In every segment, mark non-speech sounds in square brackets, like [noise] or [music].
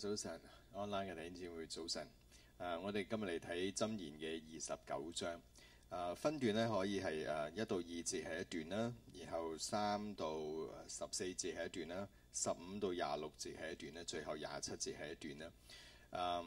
早晨，online 嘅弟兄姊妹早晨。誒、啊，我哋今日嚟睇箴言嘅二十九章。誒、啊，分段咧可以係誒一到二節係一段啦，然後三到十四節係一段啦，十五到廿六節係一段啦，最後廿七節係一段啦。誒、啊。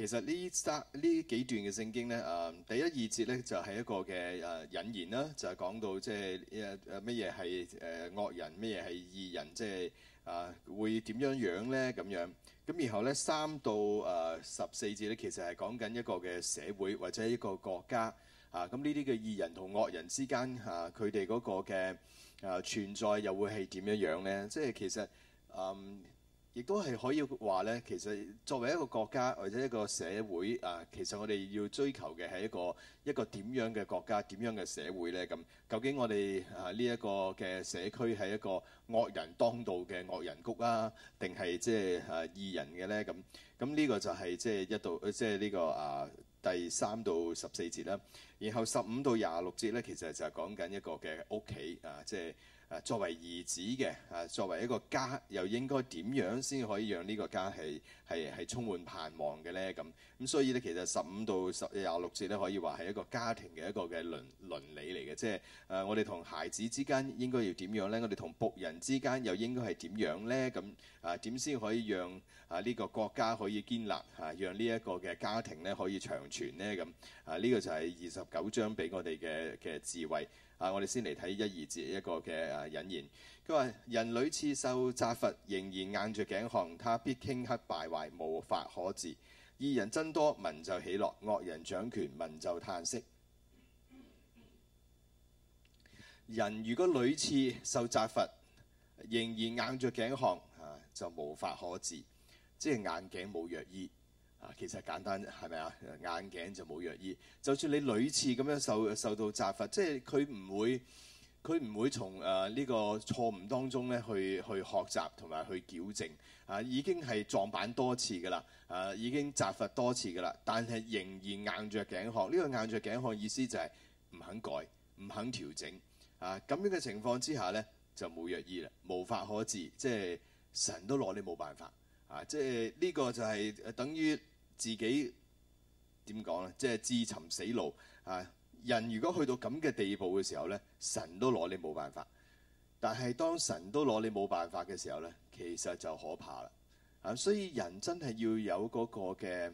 其實呢三呢幾段嘅聖經咧，啊第一二節咧就係一個嘅誒引言啦，就係講到即係誒誒乜嘢係誒惡人，乜嘢係義人，即係啊會點樣樣咧咁樣。咁然後咧三到啊十四節咧，其實係講緊一個嘅社會或者一個國家啊。咁呢啲嘅義人同惡人之間啊，佢哋嗰個嘅啊存在又會係點樣樣咧？即係其實嗯。亦都係可以話呢，其實作為一個國家或者一個社會啊，其實我哋要追求嘅係一個一個點樣嘅國家、點樣嘅社會呢？咁究竟我哋啊呢一個嘅社區係一個惡人當道嘅惡人谷啊，定係即係啊義人嘅呢？咁咁呢個就係即係一到即係呢個啊第三到十四節啦。然後十五到廿六節呢，其實就係講緊一個嘅屋企啊，即係。作為兒子嘅，誒作為一個家，又應該點樣先可以讓呢個家係係充滿盼望嘅呢？咁咁所以呢，其實十五到十廿六節咧，可以話係一個家庭嘅一個嘅倫倫理嚟嘅，即係誒、啊、我哋同孩子之間應該要點樣呢？我哋同僕人之間又應該係點樣呢？咁啊點先可以讓啊呢個國家可以堅立，嚇、啊、讓呢一個嘅家庭咧可以長存呢？咁啊呢、呢個就係二十九章俾我哋嘅嘅智慧。啊！我哋先嚟睇一二節一個嘅引言，佢話人屢次受責罰，仍然硬着頸項，他必頃刻敗壞，無法可治。義人增多，民就喜樂；惡人掌權，民就嘆息。人如果屢次受責罰，仍然硬着頸項，啊，就無法可治，即係硬頸冇藥醫。啊，其實簡單啫，係咪啊？硬頸就冇藥醫。就算你屢次咁樣受受到責罰，即係佢唔會佢唔會從誒呢個錯誤當中咧去去學習同埋去矯正。啊，已經係撞板多次㗎喇，啊，已經責罰多次㗎喇，但係仍然硬着頸項。呢個硬着頸項意思就係唔肯改、唔肯調整。啊，咁樣嘅情況之下咧，就冇藥醫啦，無法可治。即係神都攞你冇辦法。啊，即係呢個就係等於。自己點講呢？即係自尋死路啊！人如果去到咁嘅地步嘅時候呢，神都攞你冇辦法。但係當神都攞你冇辦法嘅時候呢，其實就可怕啦啊！所以人真係要有嗰個嘅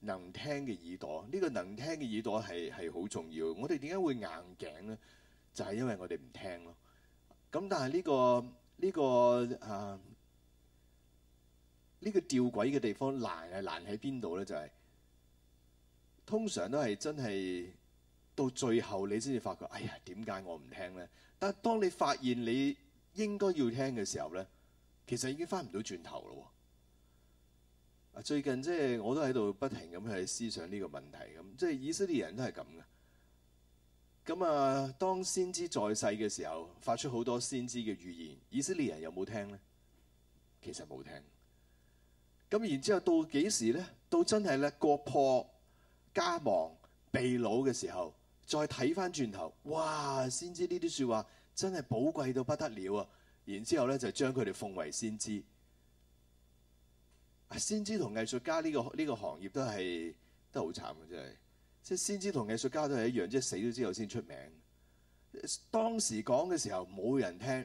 能聽嘅耳朵，呢個能聽嘅耳朵係係好重要。我哋點解會硬頸呢？就係因為我哋唔聽咯。咁但係呢個呢個啊。呢個吊詭嘅地方難係難喺邊度咧？就係、是、通常都係真係到最後你先至發覺，哎呀，點解我唔聽咧？但係當你發現你應該要聽嘅時候咧，其實已經翻唔到轉頭咯。最近即係、就是、我都喺度不停咁去思想呢個問題咁，即係、就是、以色列人都係咁嘅。咁啊，當先知在世嘅時候，發出好多先知嘅預言，以色列人有冇聽咧？其實冇聽。咁然之後到幾時呢？到真係咧國破家亡、被擄嘅時候，再睇翻轉頭，哇！先知呢啲説話真係寶貴到不得了啊！然之後呢，就將佢哋奉為先知。先知同藝術家呢、呢個呢、呢個行業都係都好慘嘅，真係即係先知同藝術家都係一樣，即係死咗之後先出名。當時講嘅時候冇人聽。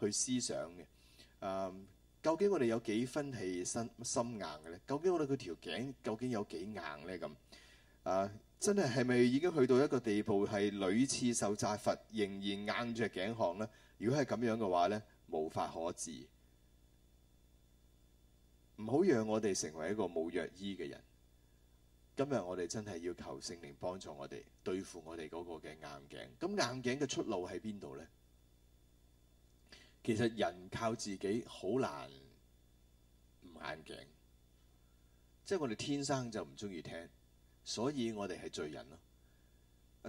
去思想嘅、嗯，究竟我哋有幾分係心硬嘅呢？究竟我哋呢條頸究竟有幾硬呢？咁、啊，真係係咪已經去到一個地步係屢次受責罰，仍然硬着頸項呢？如果係咁樣嘅話呢，無法可治。唔好讓我哋成為一個冇藥醫嘅人。今日我哋真係要求聖靈幫助我哋對付我哋嗰個嘅硬頸。咁硬頸嘅出路喺邊度呢？其實人靠自己好難唔眼鏡，即係我哋天生就唔中意聽，所以我哋係罪人咯。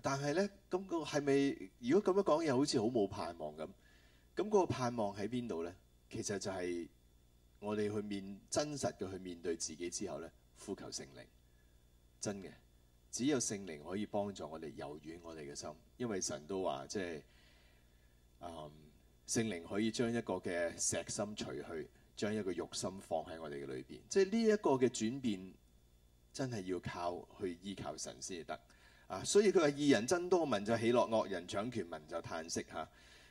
但係咧，咁、嗰個係咪？如果咁樣講嘢，好似好冇盼望咁。咁、嗰、嗰個盼望喺邊度咧？其實就係我哋去面真實嘅去面對自己之後咧，呼求聖靈。真嘅，只有聖靈可以幫助我哋柔軟我哋嘅心，因為神都話即係，嗯。聖靈可以將一個嘅石心除去，將一個肉心放喺我哋嘅裏邊。即係呢一個嘅轉變，真係要靠去依靠神先得啊！所以佢話：義人增多，民就喜樂；惡人掌權，民就嘆息。嚇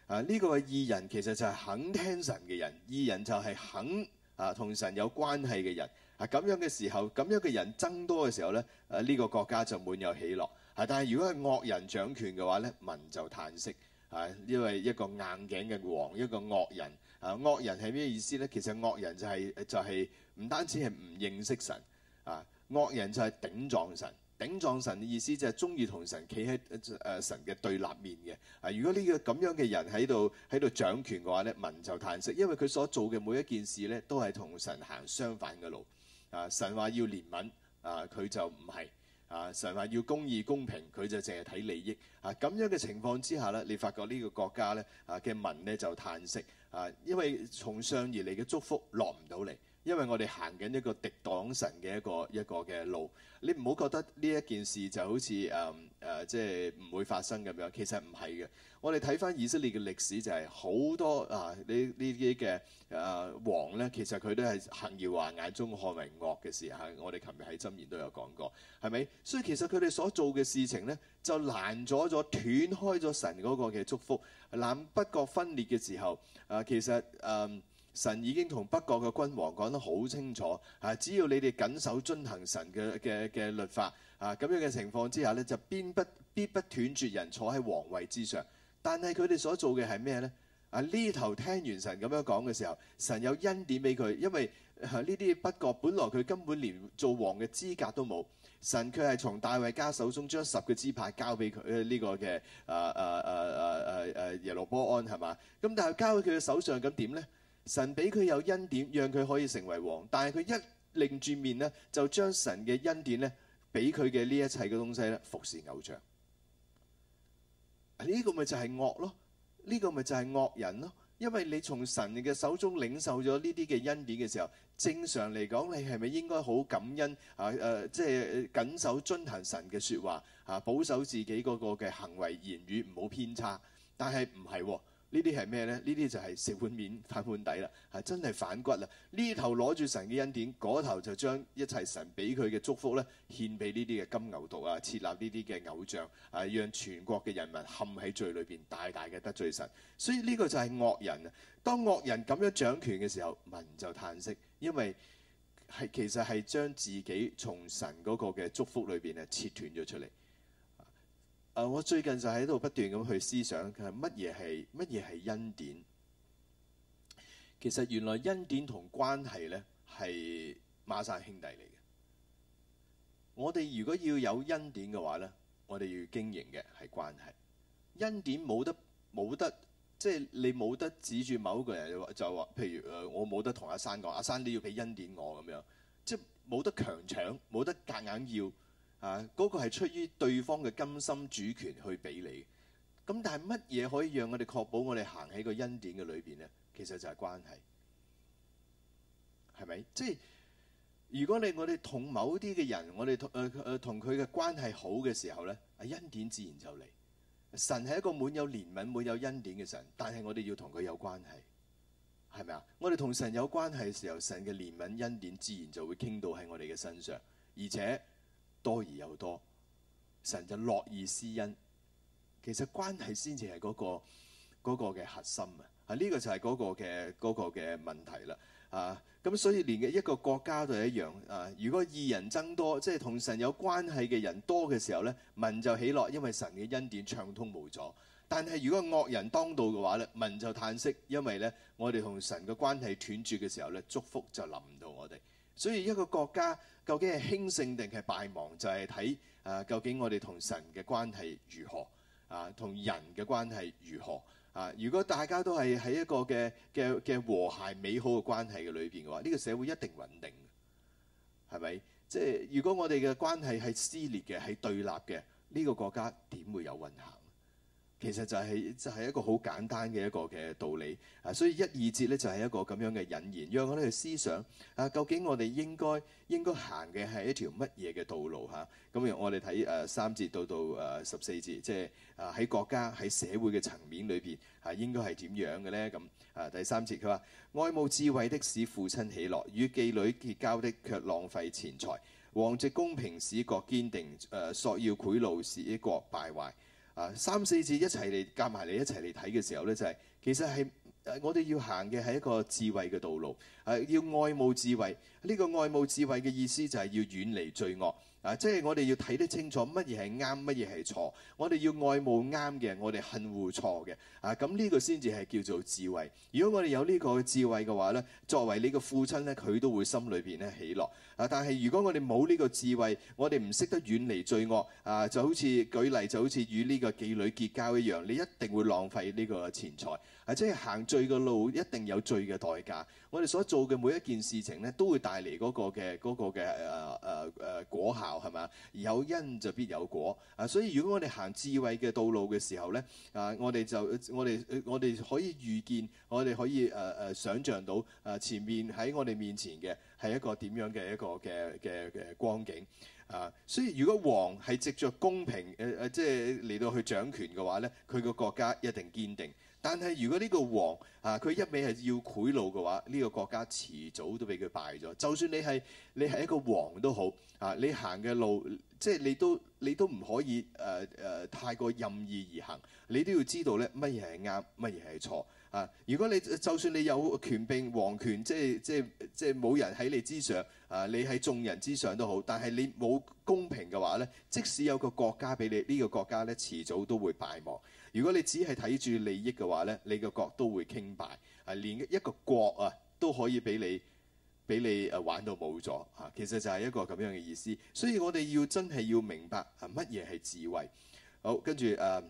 啊！呢個係義人，其實就係肯聽神嘅人；義人就係肯啊同神有關係嘅人啊。咁樣嘅時候，咁樣嘅人增多嘅時候呢，啊呢個國家就滿有喜樂。嚇啊！但係如果係惡人掌權嘅話呢，民就嘆息。係，因為、啊、一個硬頸嘅王，一個惡人。啊，惡人係咩意思呢？其實惡人就係、是、就係、是、唔單止係唔認識神。啊，惡人就係頂撞神。頂撞神嘅意思就係中意同神企喺誒神嘅對立面嘅。啊，如果呢、呢個咁樣嘅人喺度喺度掌權嘅話呢，民就嘆息，因為佢所做嘅每一件事呢，都係同神行相反嘅路。啊，神話要憐憫，啊佢就唔係。啊，常話要公義公平，佢就淨係睇利益。啊，咁樣嘅情況之下咧，你發覺呢個國家咧，啊嘅民咧就嘆息。啊，因為從上而嚟嘅祝福落唔到嚟。因為我哋行緊一個敵擋神嘅一個一個嘅路，你唔好覺得呢一件事就好似誒誒，即係唔會發生咁樣。其實唔係嘅，我哋睇翻以色列嘅歷史就係、是、好多啊呢呢啲嘅誒王呢，其實佢都係行耶和華眼中看為惡嘅事嚇、啊。我哋琴日喺箴言都有講過，係咪？所以其實佢哋所做嘅事情呢，就攔咗咗斷開咗神嗰個嘅祝福，南北國分裂嘅時候誒、啊，其實誒。嗯。神已經同北國嘅君王講得好清楚，啊！只要你哋謹守遵行神嘅嘅嘅律法，啊咁樣嘅情況之下呢就邊不必不斷絕人坐喺王位之上。但係佢哋所做嘅係咩呢？啊呢頭聽完神咁樣講嘅時候，神有恩典俾佢，因為呢啲、啊、北國本來佢根本連做王嘅資格都冇。神佢係從大衛家手中將十個支派交俾佢呢個嘅啊啊啊啊啊！耶羅波安係嘛？咁但係交喺佢嘅手上咁點呢？神俾佢有恩典，讓佢可以成為王，但係佢一擰住面咧，就將神嘅恩典咧，俾佢嘅呢一切嘅東西咧，服侍偶像。呢、啊這個咪就係惡咯？呢、這個咪就係惡人咯？因為你從神嘅手中領受咗呢啲嘅恩典嘅時候，正常嚟講，你係咪應該好感恩啊？誒、啊，即係謹守遵行神嘅說話啊，保守自己嗰個嘅行為言語唔好偏差。但係唔係喎。呢啲係咩呢？呢啲就係食碗面反碗底啦，係真係反骨啦！呢頭攞住神嘅恩典，嗰頭就將一切神俾佢嘅祝福咧，獻俾呢啲嘅金牛犢啊，設立呢啲嘅偶像啊，讓全國嘅人民陷喺罪裏邊，大大嘅得罪神。所以呢個就係惡人啊！當惡人咁樣掌權嘅時候，民就嘆息，因為係其實係將自己從神嗰個嘅祝福裏邊咧，切斷咗出嚟。誒、啊，我最近就喺度不斷咁去思想，係乜嘢係乜嘢係恩典？其實原來恩典同關係咧係孖生兄弟嚟嘅。我哋如果要有恩典嘅話咧，我哋要經營嘅係關係。恩典冇得冇得，即係你冇得指住某一個人就話，譬如誒，我冇得同阿生講，阿生你要俾恩典我咁樣，即係冇得強搶，冇得夾硬要。啊！嗰、那個係出於對方嘅甘心主權去俾你咁，但係乜嘢可以讓我哋確保我哋行喺個恩典嘅裏邊呢？其實就係關係，係咪？即係如果你我哋同某啲嘅人，我哋同誒誒同佢嘅關係好嘅時候呢，啊，恩典自然就嚟。神係一個滿有憐憫、滿有恩典嘅神，但係我哋要同佢有關係，係咪啊？我哋同神有關係嘅時候，神嘅憐憫恩典自然就會傾到喺我哋嘅身上，而且，多而又多，神就樂意施恩。其實關係先至係嗰個嘅、嗰個、核心、呢個嗰個、啊！呢個就係嗰個嘅嗰個嘅問題啦啊！咁所以連一個國家都係一樣啊！如果義人增多，即係同神有關係嘅人多嘅時候呢，民就喜樂，因為神嘅恩典暢通無阻。但係如果惡人當道嘅話呢，民就嘆息，因為呢我哋同神嘅關係斷絕嘅時候呢，祝福就臨唔到我哋。所以一個國家究竟係興盛定係敗亡，就係睇，誒究竟我哋同神嘅關係如何啊，同人嘅關係如何啊？如果大家都係喺一個嘅嘅嘅和諧美好嘅關係嘅裏邊嘅話，呢個社會一定穩定，係咪？即係如果我哋嘅關係係撕裂嘅，係對立嘅，呢個國家點會有運行？其實就係就係一個好簡單嘅一個嘅道理，啊，所以一二節咧就係一個咁樣嘅引言，讓我哋去思想啊，究竟我哋應該應該行嘅係一條乜嘢嘅道路嚇？咁我哋睇誒三節到到誒十四節，即係啊喺國家喺社會嘅層面裏邊啊應該係點樣嘅咧？咁啊第三節佢話：愛慕智慧的使父親喜樂，與妓女結交的卻浪費錢財，王直公平使國堅定，誒索要賄賂使國敗壞。啊，三四節一齊嚟夾埋嚟一齊嚟睇嘅時候呢，就係、係、其實係、啊、我哋要行嘅係一個智慧嘅道路，係要愛慕智慧。呢、呢個愛慕智慧嘅意思就係要遠離罪惡。啊！即係我哋要睇得清楚乜嘢係啱，乜嘢係錯。我哋要愛慕啱嘅，我哋恨惡錯嘅。啊！咁呢個先至係叫做智慧。如果我哋有呢個智慧嘅話咧，作為呢個父親咧，佢都會心裏邊咧喜樂。啊！但係如果我哋冇呢個智慧，我哋唔識得遠離罪惡，啊！就好似舉例，就好似與呢個妓女結交一樣，你一定會浪費呢個錢財。啊！即係行罪嘅路，一定有罪嘅代價。我哋所做嘅每一件事情咧，都會帶嚟嗰個嘅嗰個嘅誒誒誒果效係咪？有因就必有果啊！所以如果我哋行智慧嘅道路嘅時候咧，啊，我哋就我哋我哋可以預見，我哋可以誒誒、啊啊、想像到誒、啊、前面喺我哋面前嘅係一個點樣嘅一個嘅嘅嘅光景啊！所以如果王係藉着公平誒誒、啊，即係嚟到去掌權嘅話咧，佢嘅國家一定堅定。但係如果呢個王啊，佢一味係要賄賂嘅話，呢、這個國家遲早都俾佢敗咗。就算你係你係一個王都好啊，你行嘅路即係、就是、你都你都唔可以誒誒、呃呃、太過任意而行，你都要知道咧乜嘢係啱，乜嘢係錯啊。如果你就算你有權柄、皇權，即係即係即係冇人喺你之上啊，你喺眾人之上都好，但係你冇公平嘅話咧，即使有個國家俾你，呢、這個國家咧遲早都會敗亡。如果你只係睇住利益嘅話呢，你個國都會傾敗，係、啊、連一個國啊都可以俾你俾你誒玩到冇咗嚇。其實就係一個咁樣嘅意思，所以我哋要真係要明白啊，乜嘢係智慧。好，跟住誒、啊，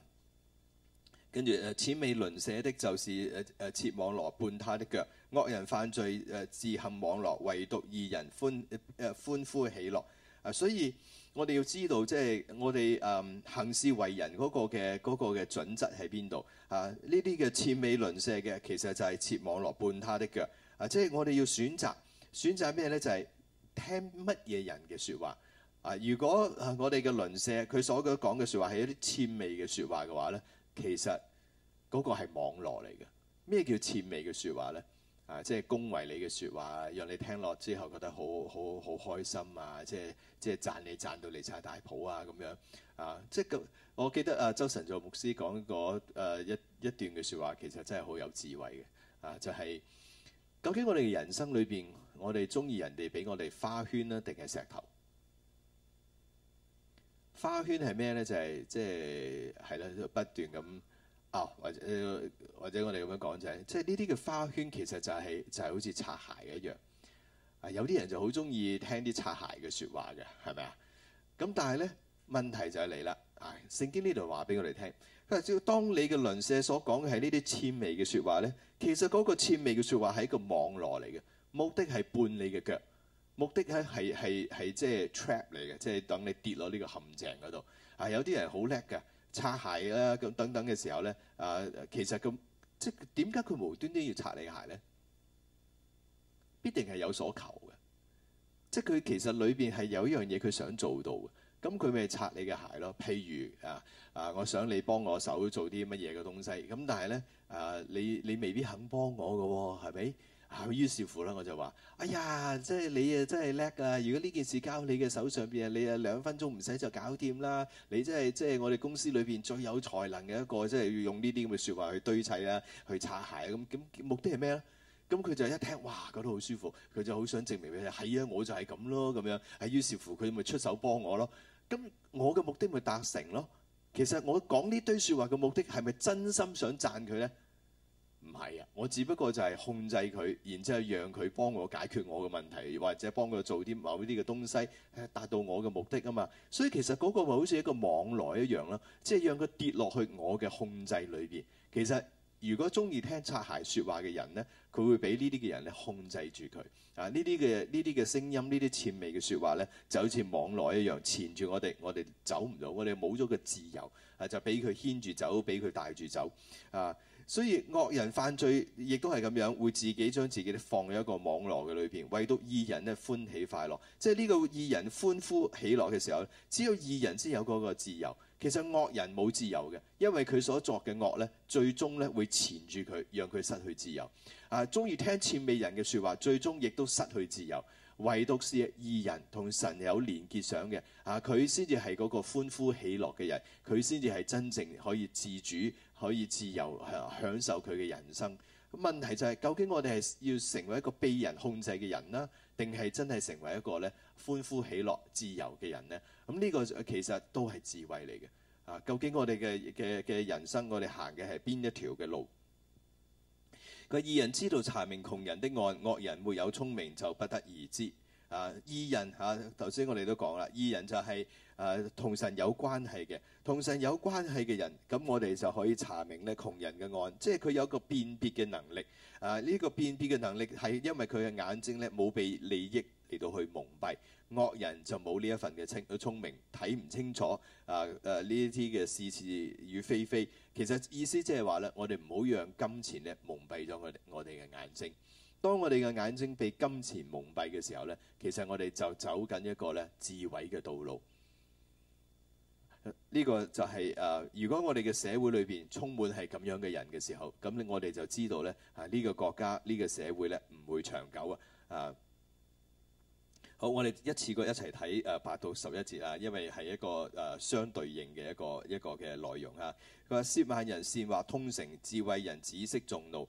跟住誒，此、啊、美倫寫的就是「誒誒切網羅，絆他的腳，惡人犯罪誒、呃、自陷網羅，唯獨義人歡誒、呃、歡呼喜樂啊，所以。我哋要知道，即、就、係、是、我哋誒、嗯、行事為人嗰個嘅嗰個嘅準則喺邊度啊？呢啲嘅諂媚鄰舍嘅，其實就係設網羅絆他的腳啊！即係我哋要選擇選擇咩咧？就係、是、聽乜嘢人嘅説話啊！如果啊，我哋嘅鄰舍佢所講嘅説話係一啲諂媚嘅説話嘅話咧，其實嗰個係網羅嚟嘅。咩叫諂媚嘅説話咧？啊！即係恭維你嘅説話，讓你聽落之後覺得好好好開心啊！即係即係讚你讚到你踩大蒲啊！咁樣啊！即係我記得啊，周神助牧師講嗰、啊、一一段嘅説話，其實真係好有智慧嘅啊！就係、是、究竟我哋人生裏邊，我哋中意人哋俾我哋花圈咧，定係石頭？花圈係咩呢？就係即係係啦，不斷咁。哦，或者或者我哋咁樣講就係，即係呢啲嘅花圈其實就係就係好似擦鞋一樣。啊，有啲人就好中意聽啲擦鞋嘅説話嘅，係咪啊？咁但係咧問題就係嚟啦。啊，聖經呢度話俾我哋聽，佢話只要當你嘅鄰舍所講嘅係呢啲諂媚嘅説話咧，其實嗰個諂媚嘅説話係一個網羅嚟嘅，目的係絆你嘅腳，目的係係係係即係 trap 嚟嘅，即係等你跌落呢個陷阱嗰度。啊，有啲人好叻㗎。擦鞋啦咁等等嘅時候咧，啊，其實咁即係點解佢無端端要擦你嘅鞋咧？必定係有所求嘅，即係佢其實裏邊係有一樣嘢佢想做到嘅，咁佢咪擦你嘅鞋咯。譬如啊啊，我想你幫我手做啲乜嘢嘅東西，咁但係咧啊，你你未必肯幫我㗎喎，係咪？啊，於是乎啦，我就話：哎呀，即係你啊，真係叻㗎！如果呢件事交你嘅手上邊啊，你啊兩分鐘唔使就搞掂啦！你真係即係我哋公司裏邊最有才能嘅一個，即係要用呢啲咁嘅説話去堆砌啊，去擦鞋啊，咁咁目的係咩咧？咁佢就一聽，哇，覺得好舒服，佢就好想證明俾你係啊，我就係咁咯，咁樣係。於是乎佢咪出手幫我咯，咁我嘅目的咪達成咯。其實我講呢堆説話嘅目的係咪真心想讚佢咧？係啊，我只不過就係控制佢，然之後讓佢幫我解決我嘅問題，或者幫佢做啲某啲嘅東西，係、啊、達到我嘅目的啊嘛。所以其實嗰個咪好似一個網羅一樣囉，即、就、係、是、讓佢跌落去我嘅控制裏邊。其實如果中意聽擦鞋説話嘅人呢，佢會俾呢啲嘅人咧控制住佢啊。呢啲嘅呢啲嘅聲音，呢啲諂媚嘅説話呢，就好似網羅一樣纏住我哋，我哋走唔到，我哋冇咗個自由啊，就俾佢牽住走，俾佢帶住走啊。所以惡人犯罪，亦都係咁樣，會自己將自己咧放喺一個網絡嘅裏邊，唯獨義人咧歡喜快樂。即係呢個義人歡呼喜樂嘅時候，只有義人先有嗰個自由。其實惡人冇自由嘅，因為佢所作嘅惡呢，最終咧會纏住佢，讓佢失去自由。啊，中意聽詆毀人嘅説話，最終亦都失去自由。唯獨是義人同神有連結上嘅，啊，佢先至係嗰個歡呼喜樂嘅人，佢先至係真正可以自主。可以自由享受佢嘅人生，咁問題就係、是、究竟我哋係要成為一個被人控制嘅人呢？定係真係成為一個咧歡呼喜樂自由嘅人呢？咁、嗯、呢、這個其實都係智慧嚟嘅。啊，究竟我哋嘅嘅嘅人生，我哋行嘅係邊一條嘅路？義人知道查明窮人的案，惡人沒有聰明就不得而知。啊！義人嚇，頭，啊、先我哋都講啦，義人就係誒同神有關係嘅，同神有關係嘅人，咁我哋就可以查明咧窮人嘅案，即係佢有個辨別嘅能力。啊、呢、這個辨別嘅能力係因為佢嘅眼睛咧冇被利益嚟到去蒙蔽，惡人就冇呢一份嘅清嘅聰明，睇唔清楚。啊、誒，呢啲嘅是是與非非，其實意思即係話咧，我哋唔好讓金錢咧蒙蔽咗佢哋我哋嘅眼睛。當我哋嘅眼睛被金錢蒙蔽嘅時候呢，其實我哋就走緊一個咧自毀嘅道路。呢、這個就係、是、誒、啊，如果我哋嘅社會裏邊充滿係咁樣嘅人嘅時候，咁我哋就知道咧啊呢、這個國家呢、這個社會呢唔會長久啊。啊，好，我哋一次過一齊睇誒八到十一節啊，因為係一個誒、啊、相對應嘅一個一個嘅內容吓。佢話褻慢人煽惑通城，智慧人止息眾怒。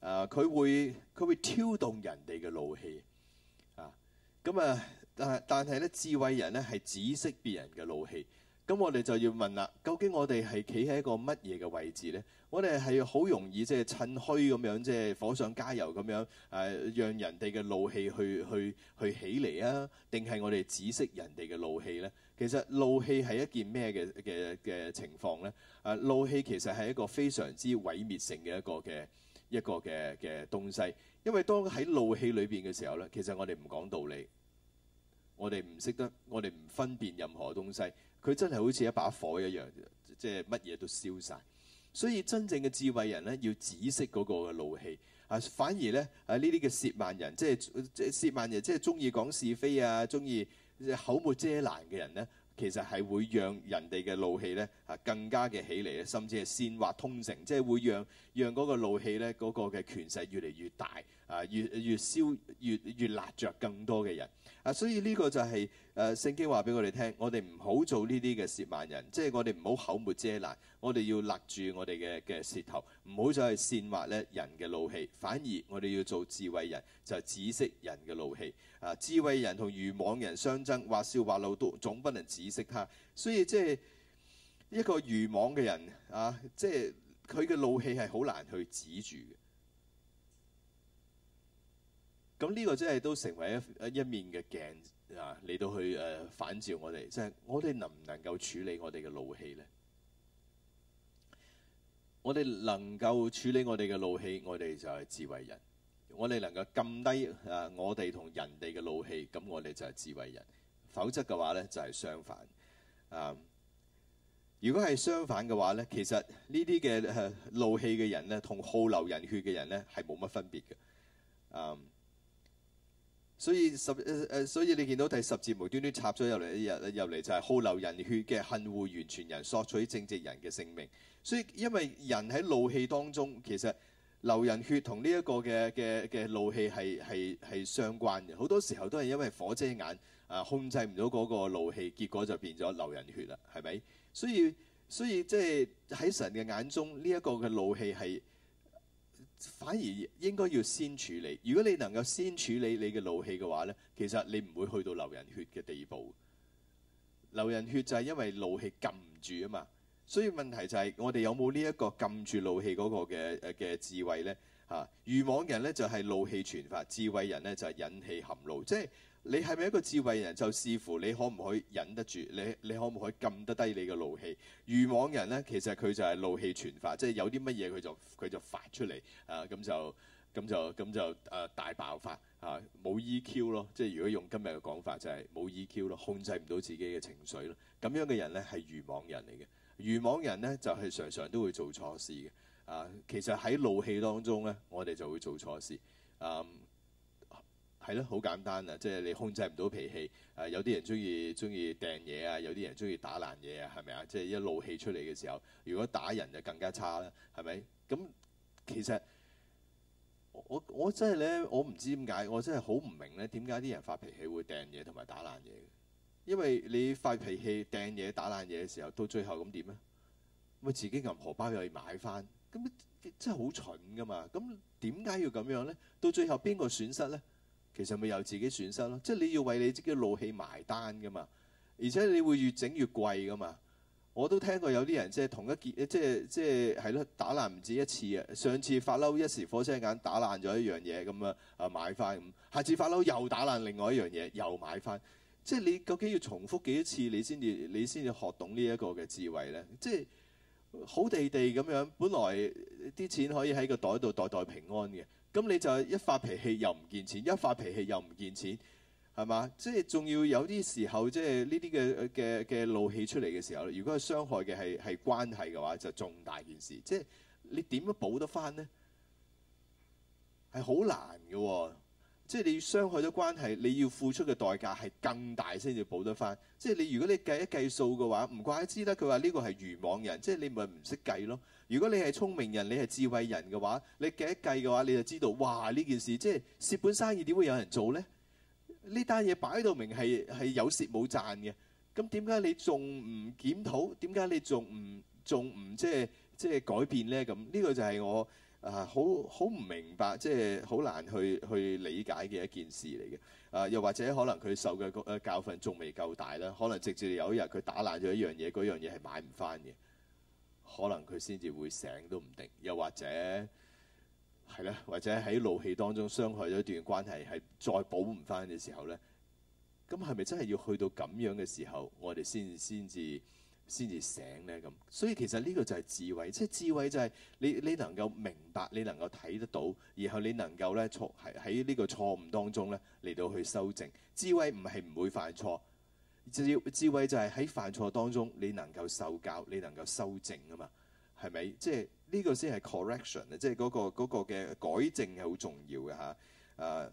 啊！佢會佢會挑動人哋嘅怒氣啊！咁啊，但係但係咧，智慧人咧係止息別人嘅怒氣。咁、嗯、我哋就要問啦：究竟我哋係企喺一個乜嘢嘅位置咧？我哋係好容易即係趁虛咁樣即係火上加油咁樣誒、啊，讓人哋嘅怒氣去去去，去起嚟啊？定係我哋止息人哋嘅怒氣咧？其實怒氣係一件咩嘅嘅嘅情況咧？啊！怒氣其實係一個非常之毀滅性嘅一個嘅。一個嘅嘅東西，因為當喺怒氣裏邊嘅時候咧，其實我哋唔講道理，我哋唔識得，我哋唔分辨任何東西，佢真係好似一把火一樣，即係乜嘢都燒晒。所以真正嘅智慧人咧，要止息嗰個嘅怒氣啊，反而咧啊呢啲嘅褻慢人，即係即係褻慢人，即係中意講是非啊，中意口沒遮攔嘅人咧。其實係會讓人哋嘅怒氣咧，啊更加嘅起嚟咧，甚至係煽惑通城，即係會讓讓嗰個怒氣咧，嗰個嘅權勢越嚟越大，啊越越燒越越勒着更多嘅人。啊，所以呢個就係、是、誒、啊、聖經話俾我哋聽，我哋唔好做呢啲嘅褻慢人，即係我哋唔好口沒遮攔，我哋要勒住我哋嘅嘅舌頭，唔好再係煽惑咧人嘅怒氣，反而我哋要做智慧人，就係止息人嘅怒氣。啊，智慧人同愚妄人相爭，或笑或怒都總不能止。意識下，所以即係一個愚妄嘅人啊！即係佢嘅怒氣係好難去止住嘅。咁呢個真係都成為一一面嘅鏡啊，嚟到去誒、啊、反照我哋，即係我哋能唔能夠處理我哋嘅怒氣呢？我哋能夠處理我哋嘅怒氣，我哋就係智慧人；我哋能夠撳低誒我哋同人哋嘅怒氣，咁我哋就係智慧人。否則嘅話呢，就係、是、相反。Um, 如果係相反嘅話呢，其實呢啲嘅誒怒氣嘅人呢，同好流人血嘅人呢，係冇乜分別嘅。Um, 所以十誒、uh, 所以你見到第十節無端端插咗入嚟，一日，入嚟就係好流人血嘅，恨惡完全人，索取正直人嘅性命。所以因為人喺怒氣當中，其實流人血同呢一個嘅嘅嘅怒氣係係係相關嘅。好多時候都係因為火遮眼。啊！控制唔到嗰個怒氣，結果就變咗流人血啦，係咪？所以所以即係喺神嘅眼中，呢、這、一個嘅怒氣係反而應該要先處理。如果你能夠先處理你嘅怒氣嘅話呢，其實你唔會去到流人血嘅地步。流人血就係因為怒氣禁唔住啊嘛。所以問題就係、是、我哋有冇呢一個禁住怒氣嗰個嘅嘅智慧呢？嚇、啊，愚妄人呢，就係怒氣全發，智慧人呢，就係忍氣含怒，即係。你係咪一個智慧人？就視乎你可唔可以忍得住，你你可唔可以禁得低你嘅怒氣？愚妄人呢，其實佢就係怒氣全發，即係有啲乜嘢佢就佢就發出嚟啊！咁就咁就咁就誒、呃、大爆發啊！冇 EQ 咯，即係如果用今日嘅講法就係、是、冇 EQ 咯，控制唔到自己嘅情緒咯。咁樣嘅人呢，係愚妄人嚟嘅，愚妄人呢，就係、是、常常都會做錯事嘅啊！其實喺怒氣當中呢，我哋就會做錯事啊。係咯，好簡單啊！即係你控制唔到脾氣，誒、呃、有啲人中意中意掟嘢啊，有啲人中意打爛嘢啊，係咪啊？即係一怒氣出嚟嘅時候，如果打人就更加差啦，係咪？咁、嗯、其實我我真係咧，我唔知點解，我真係好唔明咧，點解啲人發脾氣會掟嘢同埋打爛嘢。因為你發脾氣掟嘢打爛嘢嘅時候，到最後咁點咧？咪自己銀荷包又去買翻，咁真係好蠢噶嘛？咁點解要咁樣咧？到最後邊個損失咧？其實咪有自己損失咯，即係你要為你自己嘅怒氣埋單噶嘛，而且你會越整越貴噶嘛。我都聽過有啲人即係同一件，即係即係係咯打爛唔止一次啊！上次發嬲一時火遮眼打爛咗一樣嘢咁啊，啊買翻咁，下次發嬲又打爛另外一樣嘢又買翻，即係你究竟要重複幾多次你先至你先至學懂呢一個嘅智慧咧？即係好地地咁樣，本來啲錢可以喺個袋度袋袋平安嘅。咁你就一發脾氣又唔見錢，一發脾氣又唔見錢，係嘛？即係仲要有啲時候，即係呢啲嘅嘅嘅怒氣出嚟嘅時候，如果係傷害嘅係係關係嘅話，就重大件事。即係你點樣補得翻呢？係好難㗎喎，即係你傷害咗關係，你要付出嘅代價係更大先至補得翻。即係你如果你計一計數嘅話，唔怪得之得佢話呢個係愚妄人，即係你咪唔識計咯。如果你係聰明人，你係智慧人嘅話，你計一計嘅話，你就知道，哇！呢件事即係蝕本生意，點會有人做呢？呢單嘢擺到明係係有蝕冇賺嘅，咁點解你仲唔檢討？點解你仲唔仲唔即係即係改變呢？咁呢個就係我啊好好唔明白，即係好難去去理解嘅一件事嚟嘅。啊，又或者可能佢受嘅誒教訓仲未夠大啦，可能直接有一日佢打爛咗一樣嘢，嗰樣嘢係買唔返嘅。可能佢先至會醒都唔定，又或者係啦，或者喺怒氣當中傷害咗一段關係，係再補唔翻嘅時候咧，咁係咪真係要去到咁樣嘅時候，我哋先先至先至醒咧？咁所以其實呢個就係智慧，即係智慧就係你你能夠明白，你能夠睇得到，然後你能夠咧錯係喺呢個錯誤當中咧，嚟到去修正。智慧唔係唔會犯錯。智智慧就係喺犯錯當中，你能夠受教，你能夠修正啊嘛，係咪？即係呢、這個先係 correction 啊，即係嗰個嘅改正係好重要嘅嚇。誒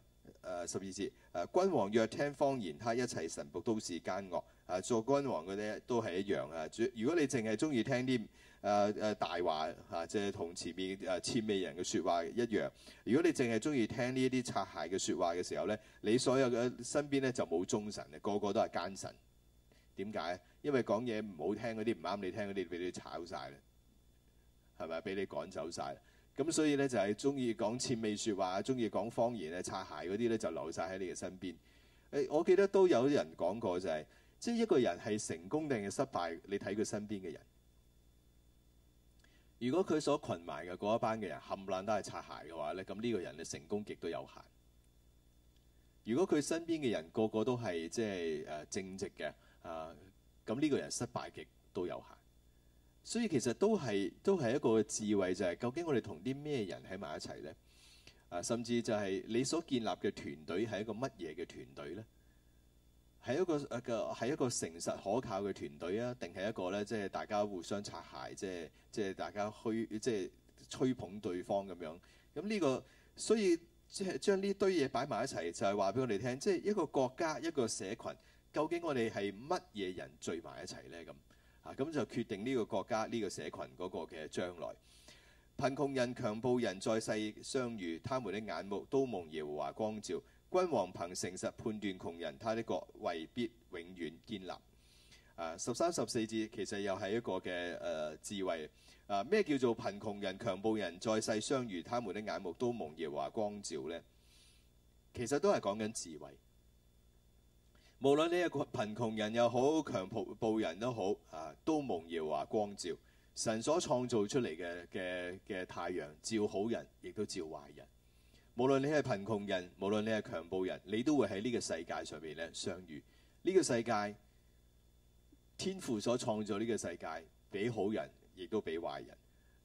誒，十二節誒，君王若聽謊言，他一切臣僕都是奸惡。誒、啊，做君王嘅咧都係一樣啊。如果你淨係中意聽啲誒誒大話嚇、啊，即係同前面誒諂媚人嘅説話一樣。如果你淨係中意聽呢一啲擦鞋嘅説話嘅時候咧，你所有嘅身邊咧就冇忠臣嘅，個個都係奸臣。點解？因為講嘢唔好聽嗰啲，唔啱你聽嗰啲，俾你炒晒，啦，係咪啊？俾你趕走晒。咁所以咧就係中意講諂媚説話、中意講方言咧、擦鞋嗰啲咧，就留晒喺你嘅身邊。誒、欸，我記得都有人講過就係、是，即係一個人係成功定係失敗，你睇佢身邊嘅人。如果佢所群埋嘅嗰一班嘅人冚唪唥都係擦鞋嘅話咧，咁呢個人嘅成功極都有限。如果佢身邊嘅人個個都係即係誒、呃、正直嘅。啊，咁呢個人失敗極都有限，所以其實都係都係一個智慧就係究竟我哋同啲咩人喺埋一齊呢？啊，甚至就係你所建立嘅團隊係一個乜嘢嘅團隊呢？係一個誒個係一個誠實可靠嘅團隊啊，定係一個呢？即係大家互相擦鞋，即係即係大家虛即係吹捧對方咁樣。咁呢個所以即係將呢堆嘢擺埋一齊，就係話俾我哋聽，即係一個國家、一個社群。究竟我哋係乜嘢人聚埋一齊呢？咁啊，咁就決定呢個國家、呢個社群嗰個嘅將來。貧窮人、強暴人，在世相遇，他們的眼目都蒙耶和華光照。君王憑誠實判斷窮人，他的國位必永遠建立。啊、十三十四節其實又係一個嘅誒、呃、智慧啊！咩叫做貧窮人、強暴人在世相遇，他們的眼目都蒙耶和華光照呢？其實都係講緊智慧。無論你係貧窮人又好，強暴暴人都好，啊，都蒙耶和華光照。神所創造出嚟嘅嘅嘅太陽，照好人，亦都照壞人。無論你係貧窮人，無論你係強暴人，你都會喺呢個世界上面咧相遇。呢個世界，天父所創造呢個世界，俾好人，亦都俾壞人。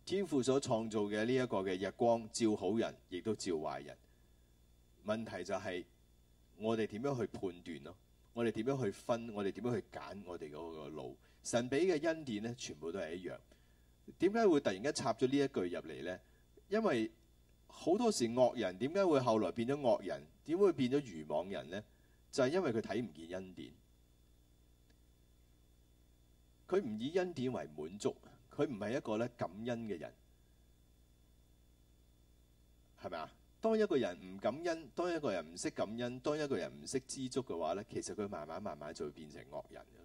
天父所創造嘅呢一個嘅日光，照好人，亦都照壞人。問題就係我哋點樣去判斷咯？我哋點樣去分？我哋點樣去揀？我哋嗰個路，神俾嘅恩典咧，全部都係一樣。點解會突然間插咗呢一句入嚟咧？因為好多時惡人點解會後來變咗惡人？點會變咗愚妄人咧？就係、是、因為佢睇唔見恩典，佢唔以恩典為滿足，佢唔係一個咧感恩嘅人，係咪？當一個人唔感恩，當一個人唔識感恩，當一個人唔識知足嘅話呢，其實佢慢慢慢慢就會變成惡人嘅。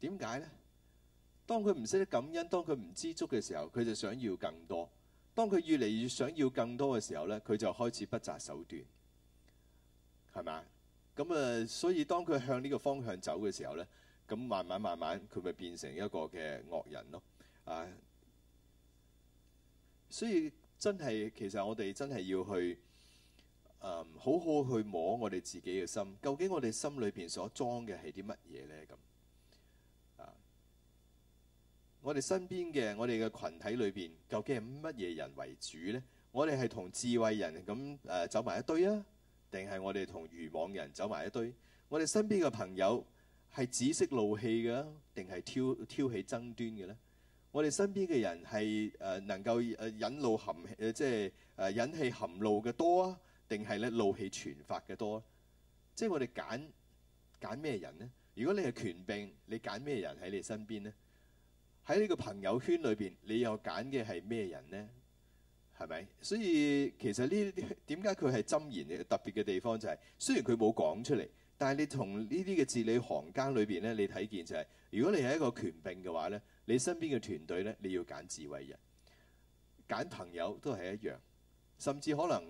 點解呢？當佢唔識得感恩，當佢唔知足嘅時候，佢就想要更多。當佢越嚟越想要更多嘅時候呢，佢就開始不擇手段，係咪？咁啊，所以當佢向呢個方向走嘅時候呢，咁慢慢慢慢佢咪變成一個嘅惡人咯，啊！所以真係，其實我哋真係要去，嗯，好好去摸我哋自己嘅心，究竟我哋心裏邊所裝嘅係啲乜嘢呢？咁啊，我哋身邊嘅我哋嘅羣體裏邊，究竟係乜嘢人為主呢？我哋係同智慧人咁誒走埋一堆啊，定係我哋同愚妄人走埋一堆？我哋身邊嘅朋友係只識怒氣嘅，定係挑挑起爭端嘅呢？我哋身邊嘅人係誒、呃、能夠誒忍怒含誒即係誒忍氣含怒嘅多啊，定係咧怒氣全發嘅多？即係我哋揀揀咩人呢？如果你係權柄，你揀咩人喺你身邊呢？喺你個朋友圈裏邊，你又揀嘅係咩人呢？係咪？所以其實呢啲點解佢係箴言嘅特別嘅地方就係、是，雖然佢冇講出嚟，但係你同呢啲嘅字裏行間裏邊咧，你睇見就係、是，如果你係一個權柄嘅話咧。你身邊嘅團隊咧，你要揀智慧人，揀朋友都係一樣，甚至可能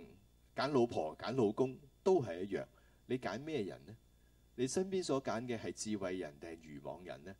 揀老婆、揀老公都係一樣。你揀咩人咧？你身邊所揀嘅係智慧人定係愚妄人咧？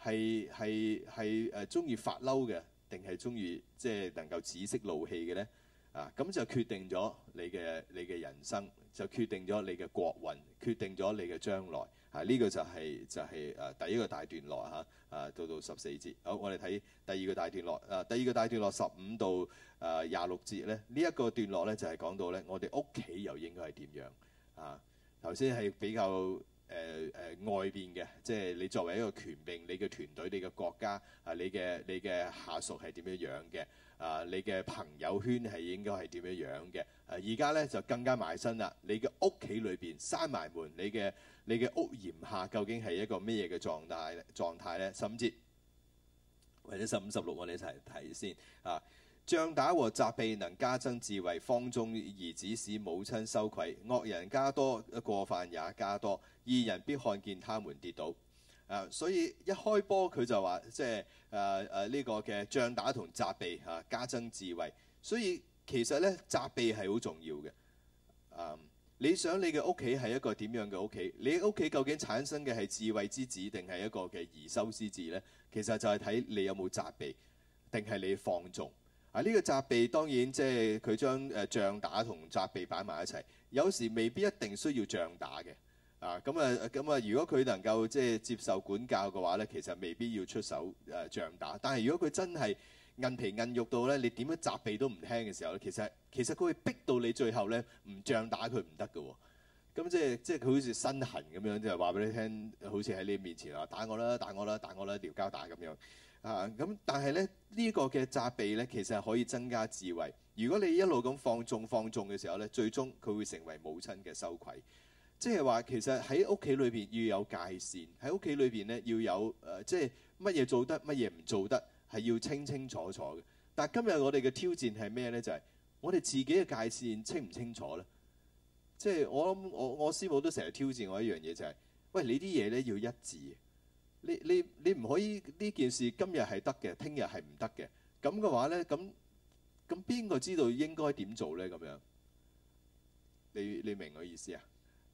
係係係誒，中意發嬲嘅定係中意即係能夠止息怒氣嘅咧？啊，咁就決定咗你嘅你嘅人生，就決定咗你嘅國運，決定咗你嘅將來。啊，呢個就係就係誒第一個大段落嚇，啊到到十四節。好，我哋睇第二個大段落。啊，第二個大段落十五到啊廿六節咧，呢一個段落咧就係講到咧，我哋屋企又應該係點樣？啊，頭先係比較誒誒外邊嘅，即係你作為一個權柄，你嘅團隊、你嘅國家啊，你嘅你嘅下屬係點樣樣嘅。啊！你嘅朋友圈係應該係點樣樣嘅？而、啊、家呢就更加埋身啦！你嘅屋企裏邊閂埋門，你嘅你嘅屋檐下究竟係一個咩嘢嘅狀態狀態咧？甚至或者十五十六，我哋一齊睇先啊！杖打和責備能加增智慧，放縱兒子使母親羞愧，惡人加多，過犯也加多，義人必看見他們跌倒。啊，所以一開波佢就話，即係誒誒呢個嘅杖打同責備嚇，加增智慧。所以其實呢，責備係好重要嘅、啊。你想你嘅屋企係一個點樣嘅屋企？你屋企究竟產生嘅係智慧之子定係一個嘅愚羞之子呢？其實就係睇你有冇責備，定係你放縱。啊，呢、這個責備當然即係佢將誒杖、啊、打同責備擺埋一齊，有時未必一定需要杖打嘅。啊，咁啊、嗯，咁、嗯、啊，如果佢能夠即係接受管教嘅話咧，其實未必要出手誒杖、呃、打。但係如果佢真係韌皮韌肉到咧，你點樣責備都唔聽嘅時候咧，其實其實佢會逼到你最後咧，唔杖打佢唔得㗎。咁、哦、即係即係佢好似身痕咁樣，就話俾你聽，好似喺你面前啊，打我啦，打我啦，打我啦，撩交打咁樣。啊，咁但係咧呢、這個嘅責備咧，其實係可以增加智慧。如果你一路咁放縱放縱嘅時候咧，最終佢會成為母親嘅羞愧。即係話，其實喺屋企裏邊要有界線，喺屋企裏邊咧要有誒，即係乜嘢做得，乜嘢唔做得，係要清清楚楚嘅。但係今日我哋嘅挑戰係咩咧？就係我哋自己嘅界線清唔清楚咧？即係我諗我我師母都成日挑戰我一樣嘢，就係喂你啲嘢咧要一致，你你你唔可以呢件事今日係得嘅，聽日係唔得嘅。咁嘅話咧，咁咁邊個知道應該點做咧？咁樣你你明我意思啊？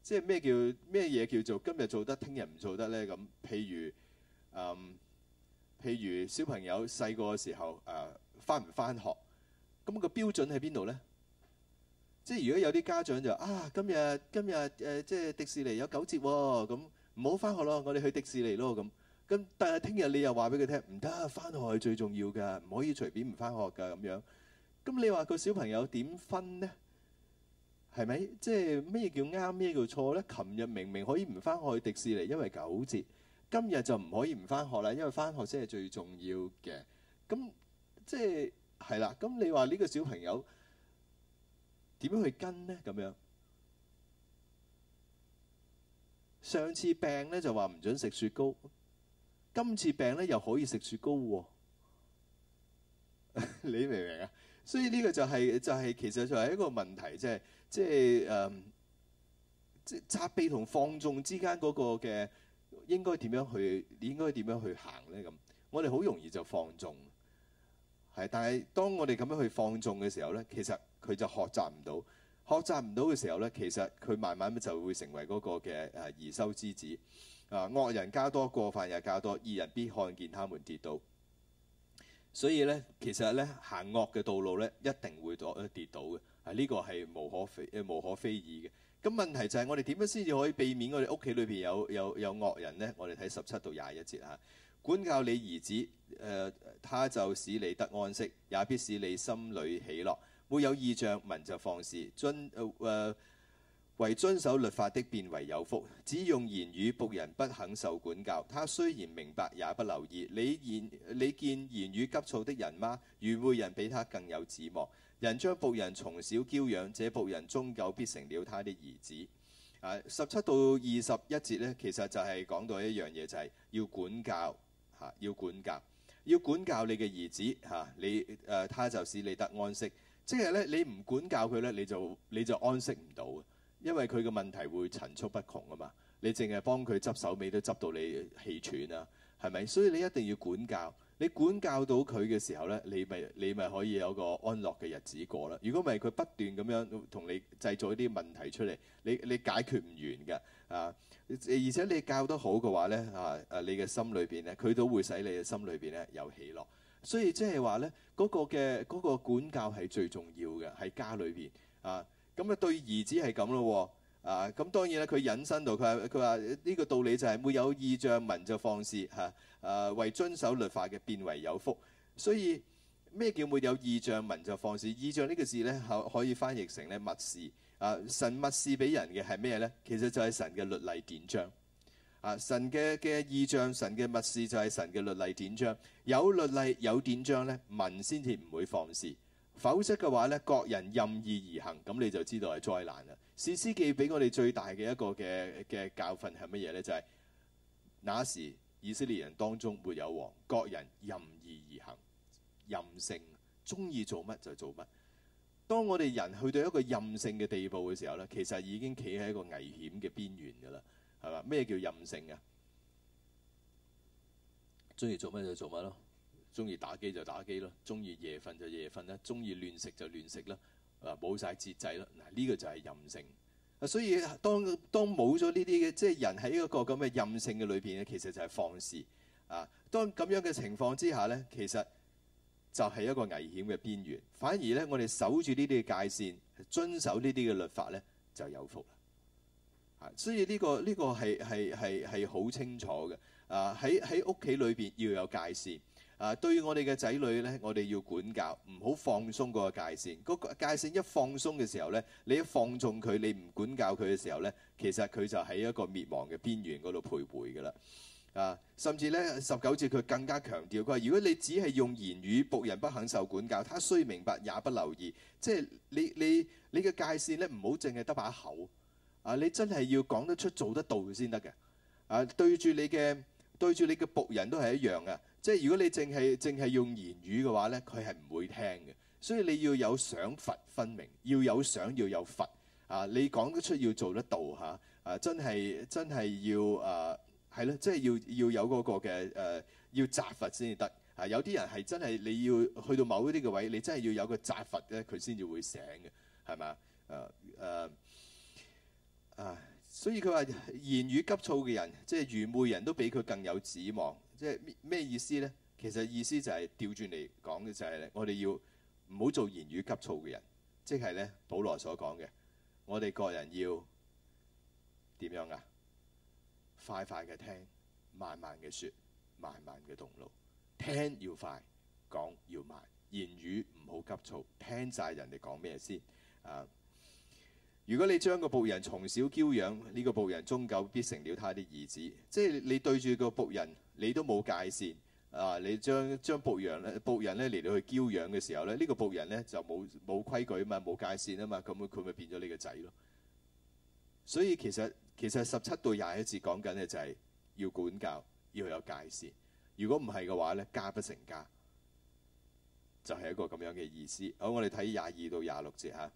即係咩叫咩嘢叫做今日做得，聽日唔做得咧？咁譬如誒，譬如小朋友細個嘅時候誒，翻唔翻學？咁個標準喺邊度咧？即係如果有啲家長就啊，今日今日誒，即係迪士尼有九折喎，咁唔好翻學咯，我哋去迪士尼咯咁。咁但係聽日你又話俾佢聽唔得，翻學係最重要㗎，唔可以隨便唔翻學㗎咁樣。咁你話個小朋友點分咧？係咪？即係咩叫啱，咩叫錯咧？琴日明明可以唔翻去迪士尼，因為九節，今日就唔可以唔翻學啦，因為翻學先係最重要嘅。咁即係係啦。咁你話呢個小朋友點樣去跟呢？咁樣上次病咧就話唔準食雪糕，今次病咧又可以食雪糕喎。 [laughs] 你明唔明啊？所以呢個就係就係其實就係一個問題，即係。即係誒、嗯，即係責備同放縱之間嗰個嘅應該點樣去？應該點樣去行呢？咁我哋好容易就放縱，係。但係當我哋咁樣去放縱嘅時候呢，其實佢就學習唔到，學習唔到嘅時候呢，其實佢慢慢就會成為嗰個嘅誒貽羞之子啊，惡人加多過犯也加多，義人必看見他們跌倒。所以呢，其實呢，行惡嘅道路呢，一定會跌跌倒嘅。呢、啊這個係無可非、呃、無可非議嘅。咁問題就係我哋點樣先至可以避免我哋屋企裏邊有有有惡人呢？我哋睇十七到廿一節嚇、啊，管教你兒子，誒、呃、他就使你得安息，也必使你心裡喜樂。沒有異象，民就放肆。遵誒、呃、惟遵守律法的，便為有福。只用言語僕人不肯受管教，他雖然明白，也不留意。你言你見言語急躁的人嗎？愚昧人比他更有指望。人將僕人從小嬌養，這僕人終究必成了他的兒子。啊，十七到二十一節咧，其實就係講到一樣嘢，就係、是、要管教嚇、啊，要管教，要管教你嘅兒子嚇、啊，你誒、啊，他就使你得安息。即係咧，你唔管教佢咧，你就你就安息唔到，因為佢嘅問題會層出不窮啊嘛。你淨係幫佢執手尾都執到你氣喘啊，係咪？所以你一定要管教。你管教到佢嘅時候咧，你咪你咪可以有個安樂嘅日子過啦。如果唔係佢不斷咁樣同你製造啲問題出嚟，你你解決唔完嘅啊。而且你教得好嘅話咧啊，誒你嘅心裏邊咧，佢都會使你嘅心裏邊咧有喜樂。所以即係話咧，嗰個嘅嗰個管教係最重要嘅喺家裏邊啊。咁啊對兒子係咁咯。啊，咁、嗯、當然咧，佢引申到佢話佢話呢個道理就係、是、沒有異象，民就放肆嚇。誒、啊，為遵守律法嘅，便為有福。所以咩叫沒有異象，民就放肆？異象呢個字呢可，可以翻譯成咧默示。啊，神默示俾人嘅係咩呢？其實就係神嘅律例典章。啊，神嘅嘅異象，神嘅默示就係神嘅律例典章。有律例有典章呢，民先至唔會放肆。否則嘅話咧，各人任意而行，咁你就知道係災難啦。士師記俾我哋最大嘅一個嘅嘅教訓係乜嘢咧？就係、是、那時以色列人當中沒有王，各人任意而行，任性，中意做乜就做乜。當我哋人去到一個任性嘅地步嘅時候咧，其實已經企喺一個危險嘅邊緣㗎啦，係嘛？咩叫任性啊？中意做乜就做乜咯。中意打機就打機咯，中意夜瞓就夜瞓啦，中意亂食就亂食啦，啊，冇晒節制啦。嗱呢個就係任性啊。所以當當冇咗呢啲嘅，即係人喺一個咁嘅任性嘅裏邊咧，其實就係放肆啊。當咁樣嘅情況之下咧，其實就係一個危險嘅邊緣。反而咧，我哋守住呢啲界線，遵守呢啲嘅律法咧，就有福啦啊。所以呢個呢個係係係係好清楚嘅啊。喺喺屋企裏邊要有界線。啊！對於我哋嘅仔女咧，我哋要管教，唔好放鬆嗰個界線。嗰個界線一放鬆嘅時候咧，你一放縱佢，你唔管教佢嘅時候咧，其實佢就喺一個滅亡嘅邊緣嗰度徘徊噶啦。啊，甚至咧十九節佢更加強調，佢話：如果你只係用言語僕人不肯受管教，他雖明白也不留意。即係你你你嘅界線咧，唔好淨係得把口啊！你真係要講得出做得到先得嘅啊！對住你嘅對住你嘅僕人都係一樣嘅。即係如果你淨係淨係用言語嘅話咧，佢係唔會聽嘅。所以你要有賞罰分明，要有賞要有罰啊！你講得出要做得到嚇啊！真係真係要啊，係咯，即係要要有嗰個嘅誒、啊，要責罰先至得啊！有啲人係真係你要去到某一啲嘅位，你真係要有個責罰咧，佢先至會醒嘅，係咪啊？誒、啊、誒、啊、所以佢話言語急躁嘅人，即係愚昧人都比佢更有指望。即係咩意思咧？其實意思就係調轉嚟講、嘅，就係我哋要唔好做言語急躁嘅人，即係咧。保羅所講嘅，我哋個人要點樣啊？快快嘅聽，慢慢嘅説，慢慢嘅動腦。聽要快，講要慢，言語唔好急躁。聽晒人哋講咩先啊？如果你將個僕人從小嬌養，呢、呢個僕人終究必成了他的兒子。即係你對住個僕人。你都冇界線啊！你將將僕羊咧、僕人咧嚟到去嬌養嘅時候咧，這個、呢個僕人咧就冇冇規矩啊嘛，冇界線啊嘛，咁佢咪變咗你個仔咯？所以其實其實十七到廿一節講緊嘅就係要管教，要有界線。如果唔係嘅話咧，家不成家，就係、是、一個咁樣嘅意思。好，我哋睇廿二到廿六節嚇、啊。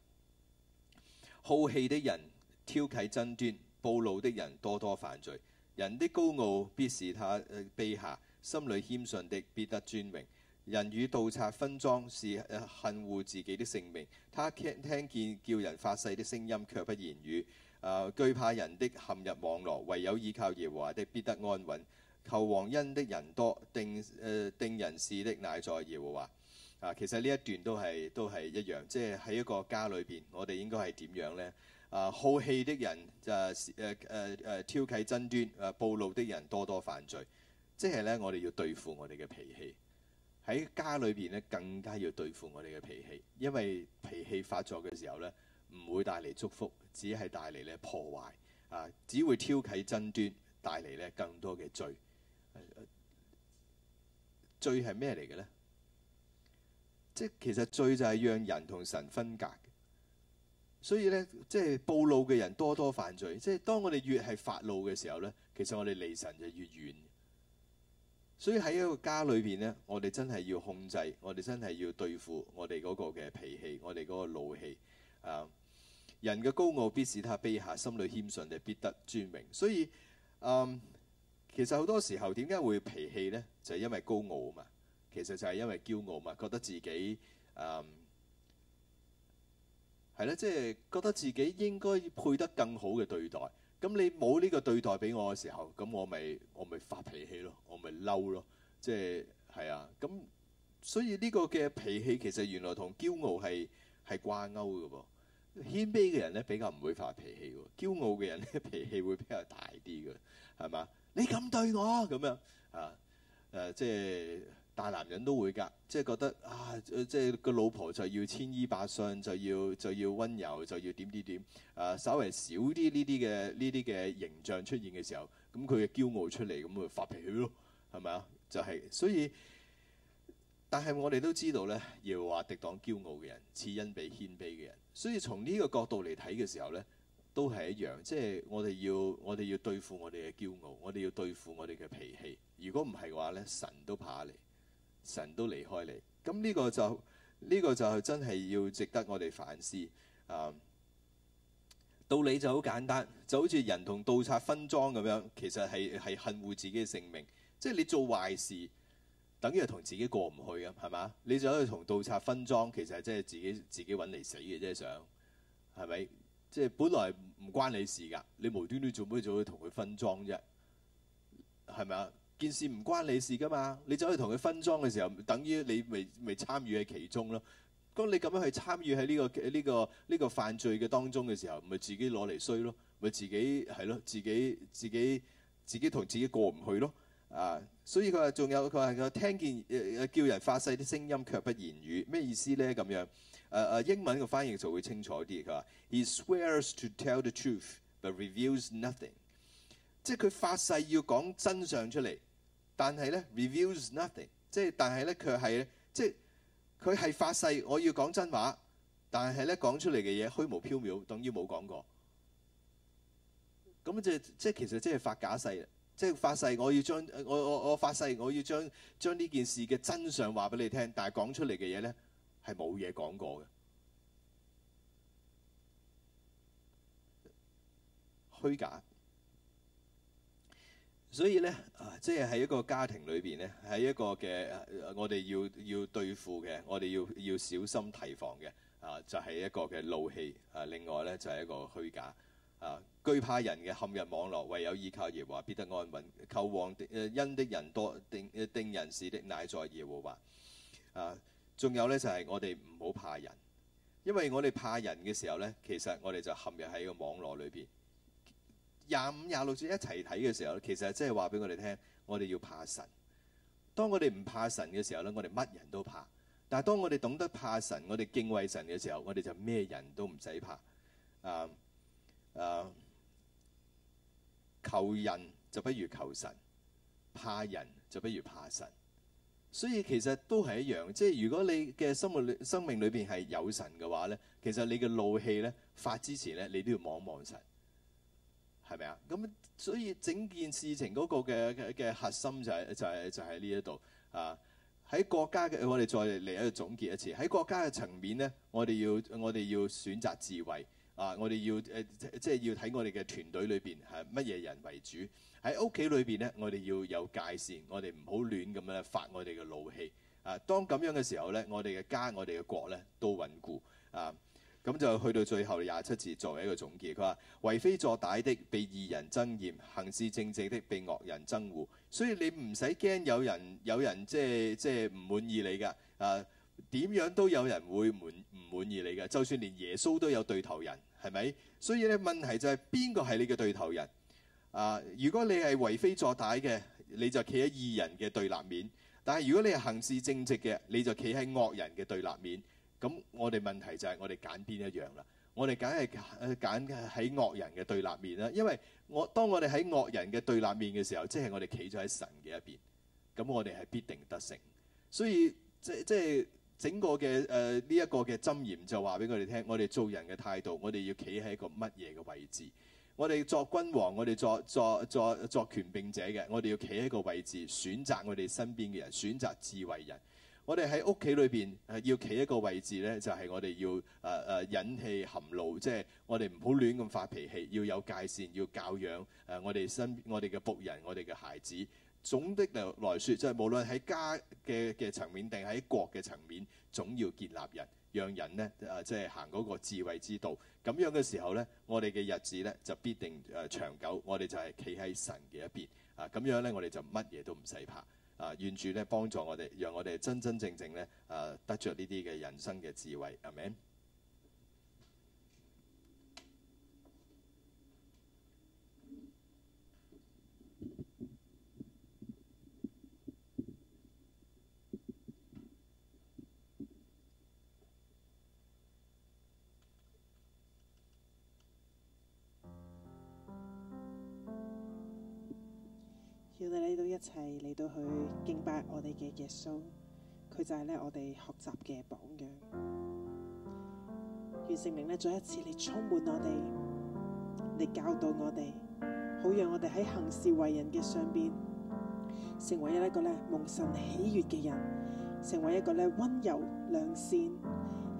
好氣的人挑起爭端，暴怒的人多多犯罪。人的高傲必使他卑下，心裏謙遜的必得尊榮。人與盜賊分贓是誒恨護自己的性命。他聽聽見叫人發誓的聲音，卻不言語。誒、呃，懼怕人的陷入網羅，唯有依靠耶和華的，必得安穩。求王恩的人多，定誒、呃、定人事的乃在耶和華。啊，其實呢一段都係都係一樣，即係喺一個家裏邊，我哋應該係點樣呢？啊，好氣的人就係誒誒挑起爭端；誒、啊、暴怒的人多多犯罪。即係咧，我哋要對付我哋嘅脾氣。喺家裏邊咧，更加要對付我哋嘅脾氣，因為脾氣發作嘅時候咧，唔會帶嚟祝福，只係帶嚟咧破壞。啊，只會挑起爭端，帶嚟咧更多嘅罪。啊、罪係咩嚟嘅咧？即係其實罪就係讓人同神分隔。所以咧，即係暴怒嘅人多多犯罪。即係當我哋越係發怒嘅時候咧，其實我哋離神就越遠。所以喺一個家裏邊咧，我哋真係要控制，我哋真係要對付我哋嗰個嘅脾氣，我哋嗰個怒氣。啊，人嘅高傲必使他卑下，心裏謙遜就必得尊榮。所以，嗯，其實好多時候點解會脾氣呢？就係因為高傲啊嘛。其實就係因為驕傲嘛，覺得自己啊。嗯係咧，即係覺得自己應該配得更好嘅對待，咁你冇呢個對待俾我嘅時候，咁我咪我咪發脾氣咯，我咪嬲咯，即係係啊，咁所以呢個嘅脾氣其實原來同驕傲係係掛鈎嘅噃，謙卑嘅人咧比較唔會發脾氣喎，驕傲嘅人咧脾氣會比較大啲嘅，係嘛？你咁對我咁樣啊？誒，即係。大男人都會㗎，即係覺得啊，即係個老婆就要千依百順，就要就要温柔，就要點點點。誒，啊，稍微少啲呢啲嘅呢啲嘅形象出現嘅時候，咁佢嘅驕傲出嚟，咁咪發脾氣咯，係咪啊？就係，所以但係我哋都知道呢，要話敵擋驕傲嘅人，賜恩被謙卑嘅人。所以從呢個角度嚟睇嘅時候呢，都係一樣，即係我哋要我哋要對付我哋嘅驕傲，我哋要對付我哋嘅脾氣。如果唔係嘅話呢，神都怕你。神都離開你，咁呢個就呢個就真係要值得我哋反思。誒，道理就好簡單，就好似人同盜賊分贓咁樣，其實係係恨惡自己嘅性命。即係你做壞事，等於係同自己過唔去嘅，係咪？你走去同盜賊分贓，其實係即係自己自己揾嚟死嘅啫，想係咪？即係本來唔關你事㗎，你無端端做咩做嘢同佢分贓啫？係咪啊？件事唔關你事噶嘛，你走去同佢分贓嘅時候，等於你未未參與喺其中咯。咁你咁樣去參與喺呢個呢個呢個犯罪嘅當中嘅時候，咪自己攞嚟衰咯，咪自己係咯，自己自己自己同自己過唔去咯啊！所以佢話仲有佢話佢聽見誒叫人發誓啲聲音卻不言語，咩意思咧？咁樣誒誒英文嘅翻譯就會清楚啲。佢話：He swears to tell the truth but reveals nothing。即係佢發誓要講真相出嚟。但係咧，reveals nothing，即係但係咧，佢係咧，即係佢係發誓我要講真話，但係咧，講出嚟嘅嘢虛無縹緲，等於冇講過。咁就即係其實即係發假誓，即係發誓我要將我我我發誓我要將將呢件事嘅真相話俾你聽，但係講出嚟嘅嘢咧係冇嘢講過嘅，虛假。所以呢，啊，即係喺一個家庭裏邊呢，喺一個嘅我哋要要對付嘅，我哋要要小心提防嘅，啊，就係、是、一個嘅怒氣；啊，另外呢，就係、是、一個虛假；啊，懼怕人嘅陷入網絡，唯有依靠耶和華，必得安穩。求王的恩的人多，定定人事的乃在耶和華。啊，仲有呢，就係、是、我哋唔好怕人，因為我哋怕人嘅時候呢，其實我哋就陷入喺個網絡裏邊。廿五、廿六節一齊睇嘅時候，其實即係話俾我哋聽，我哋要怕神。當我哋唔怕神嘅時候咧，我哋乜人都怕；但係當我哋懂得怕神、我哋敬畏神嘅時候，我哋就咩人都唔使怕。誒誒，求人就不如求神，怕人就不如怕神。所以其實都係一樣，即係如果你嘅生活裏、生命裏邊係有神嘅話咧，其實你嘅怒氣咧發之前咧，你都要望望神。係咪啊？咁所以整件事情嗰個嘅嘅核心就係就係就喺呢一度啊！喺國家嘅，我哋再嚟一度總結一次。喺國家嘅層面呢，我哋要我哋要選擇智慧啊！我哋要誒即係要睇我哋嘅團隊裏邊係乜嘢人為主？喺屋企裏邊呢，我哋要有界線，我哋唔好亂咁樣發我哋嘅怒氣啊！當咁樣嘅時候呢，我哋嘅家、我哋嘅國呢都穩固啊！咁就去到最後廿七節作為一個總結，佢話：為非作歹的被義人憎厭，行事正直的被惡人憎惡。所以你唔使驚有人有人即係即係唔滿意你㗎。啊，點樣都有人會滿唔滿意你㗎？就算連耶穌都有對頭人，係咪？所以咧問題就係邊個係你嘅對頭人？啊，如果你係為非作歹嘅，你就企喺義人嘅對立面；但係如果你係行事正直嘅，你就企喺惡人嘅對立面。咁我哋問題就係我哋揀邊一樣啦？我哋梗係誒揀喺惡人嘅對立面啦，因為我當我哋喺惡人嘅對立面嘅時候，即係我哋企咗喺神嘅一邊，咁我哋係必定得勝。所以即即係整個嘅誒呢一個嘅箴言就話俾我哋聽：我哋做人嘅態度，我哋要企喺一個乜嘢嘅位置？我哋作君王，我哋作作作作權柄者嘅，我哋要企喺一個位置，選擇我哋身邊嘅人，選擇智慧人。我哋喺屋企裏邊誒、啊、要企一個位置咧，就係、是、我哋要誒誒忍氣含怒，即、就、係、是、我哋唔好亂咁發脾氣，要有界線，要教養誒、啊、我哋身邊我哋嘅僕人、我哋嘅孩子。總的來來説，就係、是、無論喺家嘅嘅層面定喺國嘅層面，總要建立人，讓人咧誒即係行嗰個智慧之道。咁樣嘅時候咧，我哋嘅日子咧就必定誒長久，我哋就係企喺神嘅一邊啊！咁樣咧，我哋就乜嘢都唔使怕。啊，願主咧幫助我哋，讓我哋真真正正咧，啊、呃，得著呢啲嘅人生嘅智慧，Amen。我哋呢度一齊嚟到去敬拜我哋嘅耶穌，佢就係咧我哋學習嘅榜樣。願聖靈呢再一次嚟充滿我哋，嚟教導我哋，好讓我哋喺行事為人嘅上邊，成為一個咧蒙神喜悅嘅人，成為一個咧溫柔良善、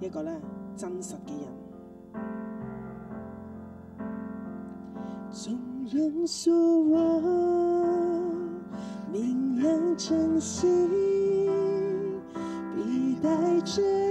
一個咧真實嘅人。明亮晨曦，必帶着。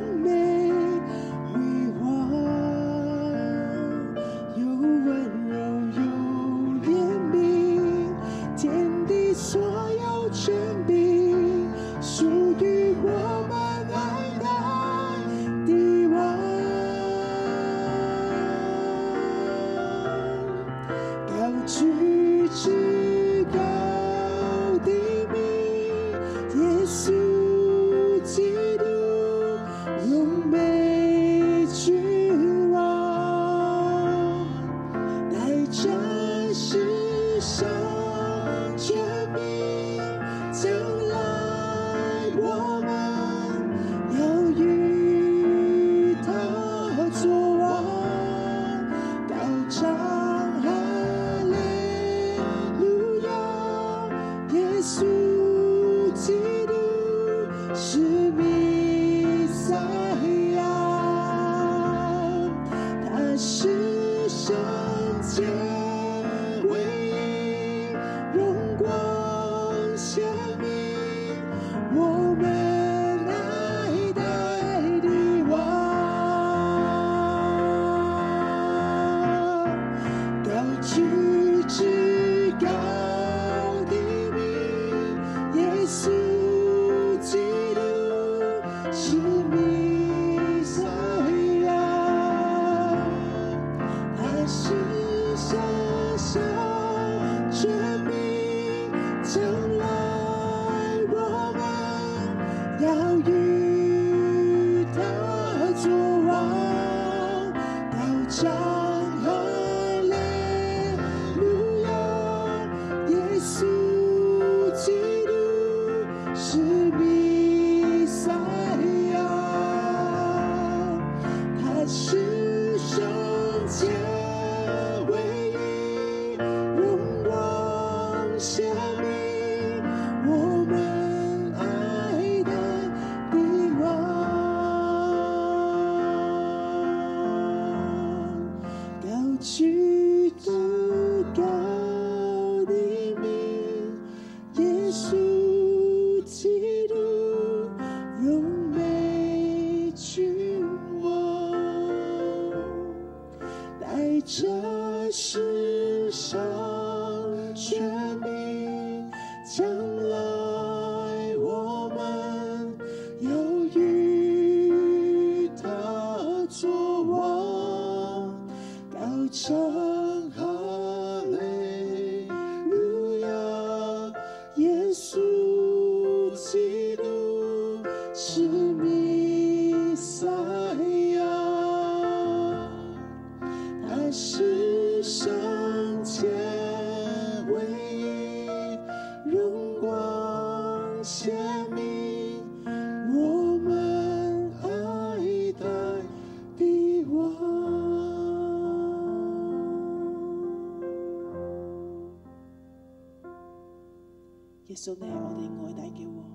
耶穌啊，我哋愛戴嘅王，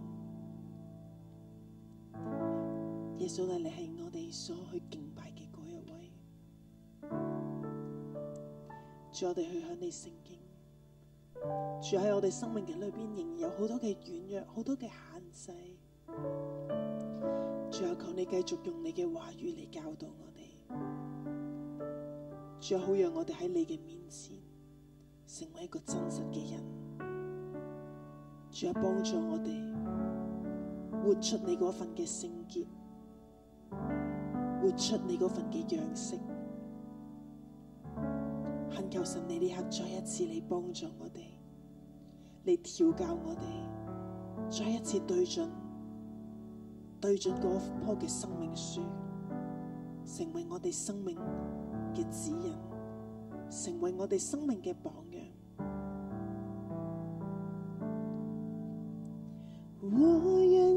耶穌啊，你係我哋所去敬拜嘅嗰一位。主，我哋去向你聖經，住喺我哋生命嘅裏邊，仍然有好多嘅軟弱，好多嘅限制。主啊，求你繼續用你嘅話語嚟教導我哋。主啊，好讓我哋喺你嘅面前成為一個真實嘅人。仲有幫助我哋活出你份嘅聖潔，活出你份嘅樣式。懇求神，你呢刻再一次嚟幫助我哋，嚟調教我哋，再一次對準對準嗰棵嘅生命樹，成為我哋生命嘅指引，成為我哋生命嘅榜。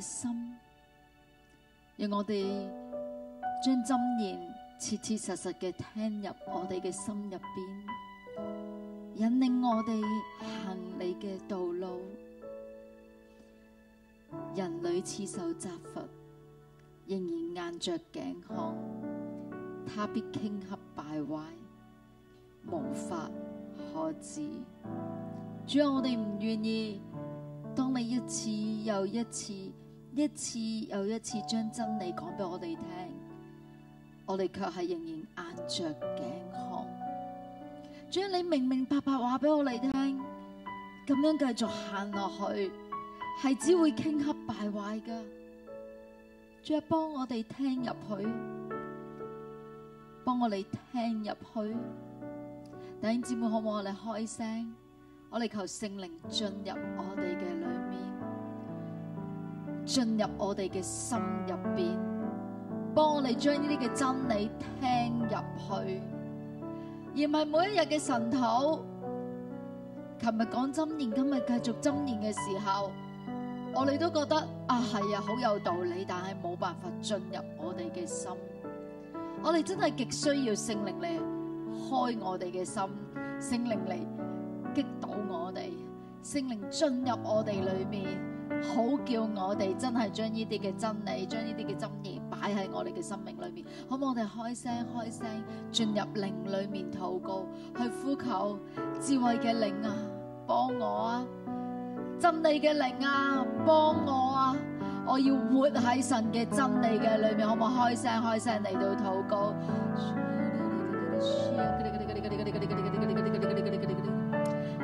心，讓我哋將箴言切切實實嘅聽入我哋嘅心入邊，引領我哋行你嘅道路。人類似受責罰，仍然硬着頸項，他必頃刻敗壞，無法可治。只要我哋唔願意，當你一次又一次。一次又一次將真理講俾我哋聽，我哋卻係仍然硬着頸抗。將你明明白白話俾我哋聽，咁樣繼續行落去係只會傾刻敗壞噶。再幫我哋聽入去，幫我哋聽入去。弟兄姊妹可唔可以開聲？我哋求聖靈進入我哋嘅裏進入我哋嘅心入邊，幫我哋將呢啲嘅真理聽入去，而唔係每一日嘅晨禱。琴日講箴言，今日繼續箴言嘅時候，我哋都覺得啊係啊好有道理，但係冇辦法進入我哋嘅心。我哋真係極需要聖靈嚟開我哋嘅心，聖靈嚟擊倒我哋，聖靈進入我哋裏面。好叫我哋真係將呢啲嘅真理，將呢啲嘅真義擺喺我哋嘅生命裏邊，可唔可我哋開聲開聲進入靈裏面禱告，去呼求智慧嘅靈啊，幫我啊，真理嘅靈啊，幫我啊，我要活喺神嘅真理嘅裏面，可唔可以開聲開聲嚟到禱告？啊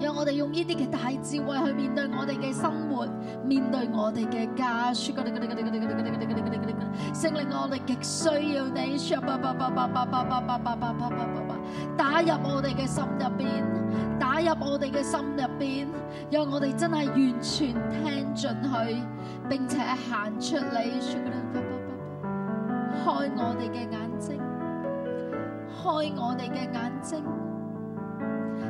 讓我哋用呢啲嘅大智慧去面對我哋嘅生活，面對我哋嘅家。聖靈我哋極需要你，打入我哋嘅心入面，打入我哋嘅心入面。讓我哋真係完全聽進去，並且行出嚟，開我哋嘅眼睛，開我哋嘅眼睛。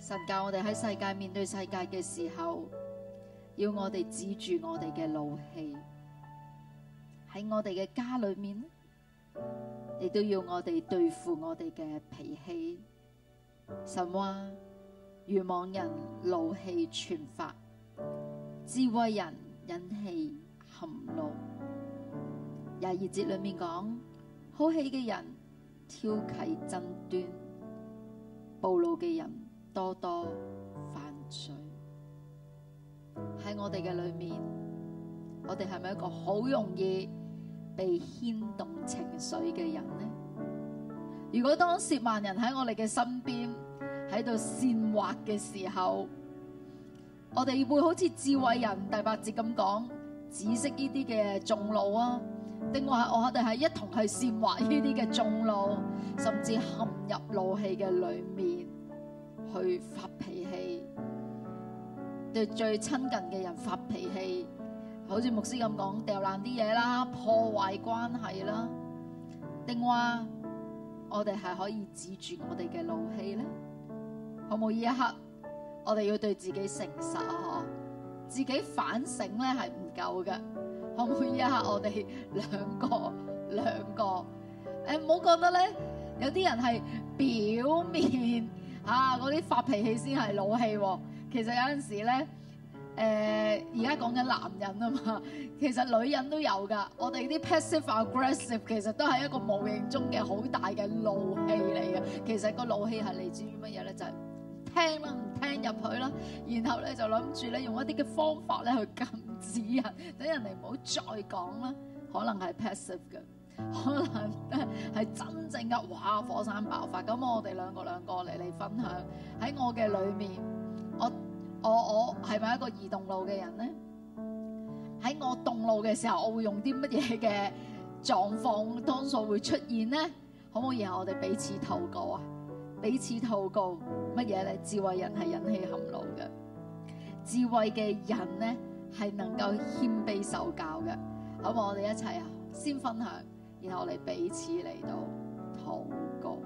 神教我哋喺世界面對世界嘅時候，要我哋止住我哋嘅怒氣。喺我哋嘅家裏面，亦都要我哋對付我哋嘅脾氣。神話愚妄人怒氣全發，智慧人忍氣含怒。廿二節裏面講，好氣嘅人挑起爭端，暴怒嘅人。多多犯罪喺我哋嘅裏面，我哋係咪一個好容易被牽動情緒嘅人咧？如果當褻慢人喺我哋嘅身邊喺度煽惑嘅時候，我哋會好似智慧人第八節咁講，止息呢啲嘅衆怒啊，定話我哋係一同去煽惑呢啲嘅衆怒，甚至陷入怒氣嘅裏面。去發脾氣，對最親近嘅人發脾氣，好似牧師咁講，掉爛啲嘢啦，破壞關係啦，定話我哋係可以止住我哋嘅怒氣咧？可唔可以一刻我哋要對自己誠實啊！嗬，自己反省咧係唔夠嘅，可唔可以一刻我哋兩個兩個，誒，唔好覺得咧，有啲人係表面。啊！嗰啲發脾氣先係老氣喎，哦，其實有陣時咧，誒而家講緊男人啊嘛，其實女人都有㗎。我哋啲 passive aggressive 其實都係一個無形中嘅好大嘅怒氣嚟嘅。其實個怒氣係嚟自於乜嘢咧？就係、係、聽啦，唔聽入去啦，然後咧就諗住咧用一啲嘅方法咧去禁止人，等人哋唔好再講啦。可能係 passive 嘅。可能係真正嘅，哇，火山爆發咁，我哋兩個兩個嚟嚟分享喺我嘅裏面，我我我係咪一個易動怒嘅人呢？喺我動怒嘅時候，我會用啲乜嘢嘅狀況多數會出現呢？可唔可以我哋彼此禱告啊？彼此禱告乜嘢咧？智慧人係忍氣含怒嘅，智慧嘅人呢，係能夠謙卑受教嘅。好，我哋一齊啊，先分享。然後我哋彼此嚟到禱告，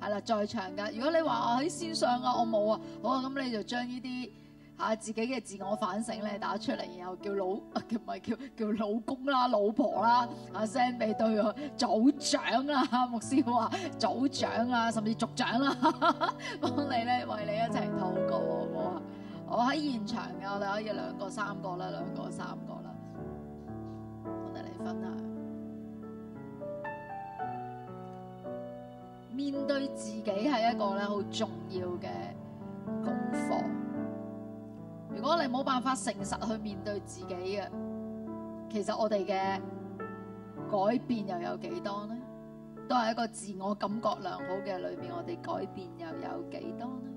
係啦，在場噶。如果你話我喺線上啊，我冇啊，好啊，咁你就將呢啲嚇自己嘅自我反省咧打出嚟，然後叫老啊，叫唔係叫叫老公啦、老婆啦，啊聲俾對個組長啦、牧師副組長啊、甚至係組長啦，幫你咧為你一齊禱告，好啊！我喺現場嘅，我哋可以兩個、三個啦，兩個、三個啦。我哋嚟分享。面對自己係一個咧好重要嘅功課。如果你冇辦法誠實去面對自己嘅，其實我哋嘅改變又有幾多呢？都係一個自我感覺良好嘅裏面，我哋改變又有幾多呢？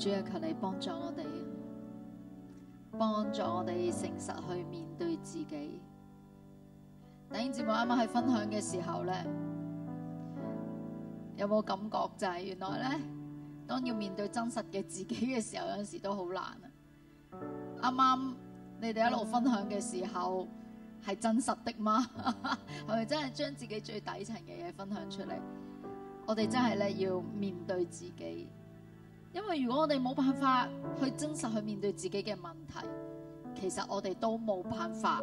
主啊，求你幫助我哋，幫助我哋誠實去面對自己。弟兄姊妹啱啱喺分享嘅時候咧，有冇感覺就係原來咧，當要面對真實嘅自己嘅時候，有陣時都好難啊！啱啱你哋一路分享嘅時候，係真實的嗎？係 [laughs] 咪真係將自己最底層嘅嘢分享出嚟？我哋真係咧要面對自己。因為如果我哋冇辦法去真實去面對自己嘅問題，其實我哋都冇辦法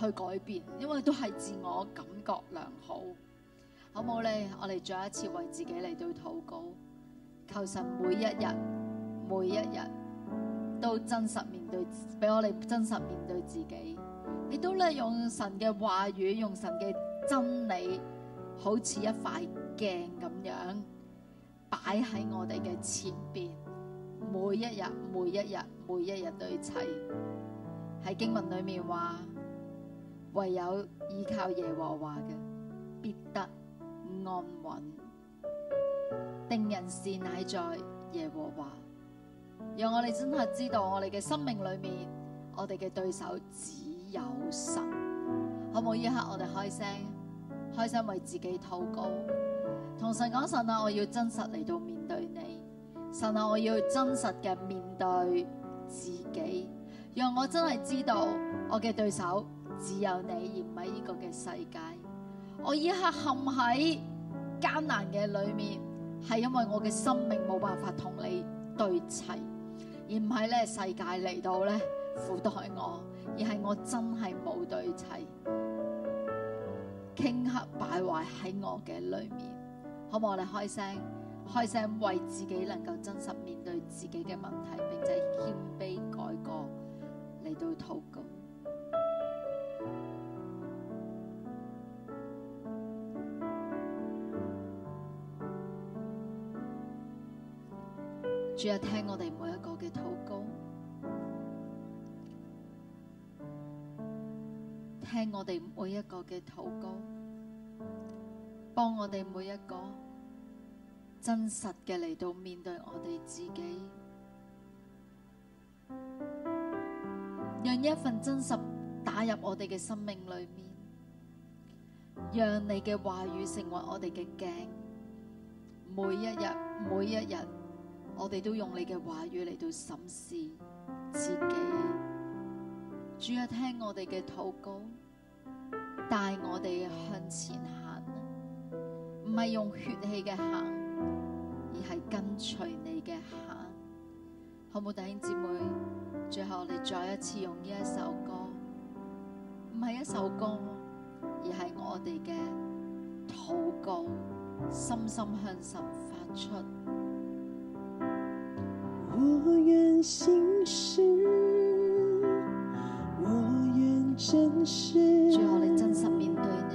去改變，因為都係自我感覺良好，好唔好咧？我哋再一次為自己嚟到禱告，求神每一日、每一日都真實面對，俾我哋真實面對自己。亦都咧用神嘅話語，用神嘅真理，好似一塊鏡咁樣。擺喺我哋嘅前邊，每一日每一日每一日都要齊。喺經文裏面話，唯有依靠耶和華嘅，必得安穩。定人事乃在耶和華。讓我哋真係知道我哋嘅生命裏面，我哋嘅對手只有神。可唔可以一刻我哋開聲，開心為自己禱告。同神講，神啊，我要真實嚟到面對你。神啊，我要真實嘅面對自己，讓我真係知道我嘅對手只有你，而唔係呢個嘅世界。我依刻陷喺艱難嘅裏面，係因為我嘅生命冇辦法同你對齊，而唔係呢個世界嚟到呢苦待我，而係我真係冇對齊，頃刻敗壞喺我嘅裏面。可唔可以我哋開聲，開聲為自己能夠真實面對自己嘅問題，並且謙卑改過嚟到禱告。 [music] 主啊，聽我哋每一個嘅禱告，聽我哋每一個嘅禱告。幫我哋每一個真實嘅嚟到面對我哋自己，讓一份真實打入我哋嘅生命裏面，讓你嘅話語成為我哋嘅鏡。每一日每一日，我哋都用你嘅話語嚟到審視自己。主啊，聽我哋嘅禱告，帶我哋向前行。唔係用血氣嘅行，而係跟隨你嘅行，好冇，好？弟兄姊妹，最後我哋再一次用呢一首歌，唔係一首歌，而係我哋嘅禱告，深深向神發出。我願信實，我願真實，最後我哋真實面對你，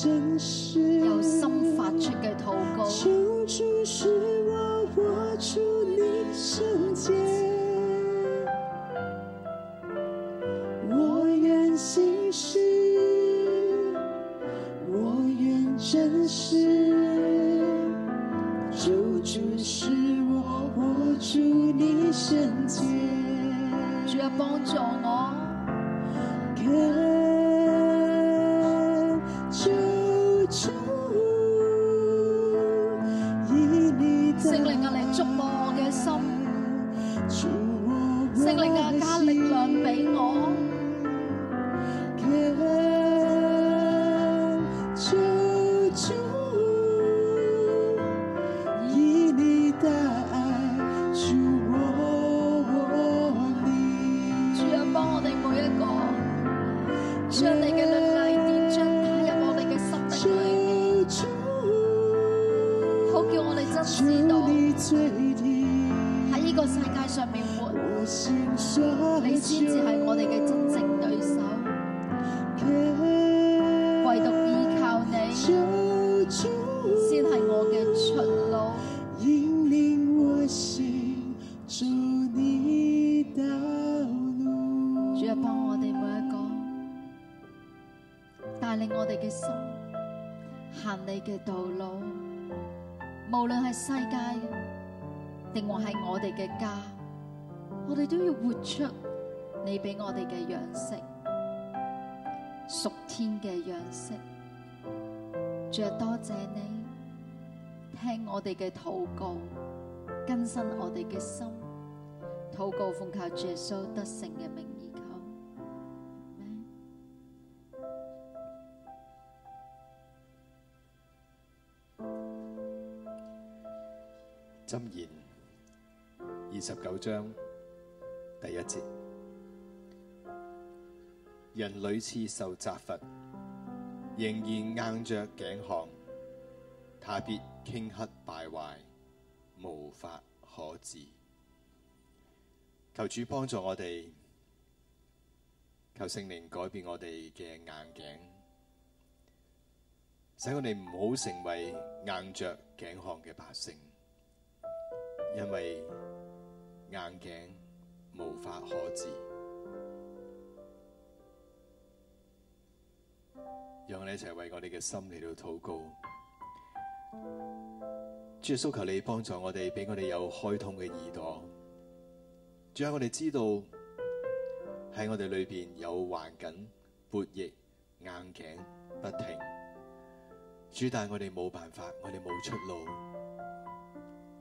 由心發出嘅禱告。 [noise] 我哋嘅家，我哋都要活出你俾我哋嘅樣式，屬天嘅樣式。主啊，多謝你聽我哋嘅禱告，更新我哋嘅心。禱告奉靠耶穌得勝嘅名而求，咩？真言。二十九章第一節，人屢次受責罰，仍然硬着頸項，他必頃刻敗壞，無法可治。求主幫助我哋，求聖靈改變我哋嘅硬頸，使我哋唔好成為硬着頸項嘅百姓，因為。硬頸無法可治，讓我哋一齊為我哋嘅心嚟到禱告。主，訴求你幫助我哋，畀我哋有開通嘅耳朵。仲有，我哋知道喺我哋裏邊有患緊、撥逆、硬頸、不停。主，但我哋冇辦法，我哋冇出路。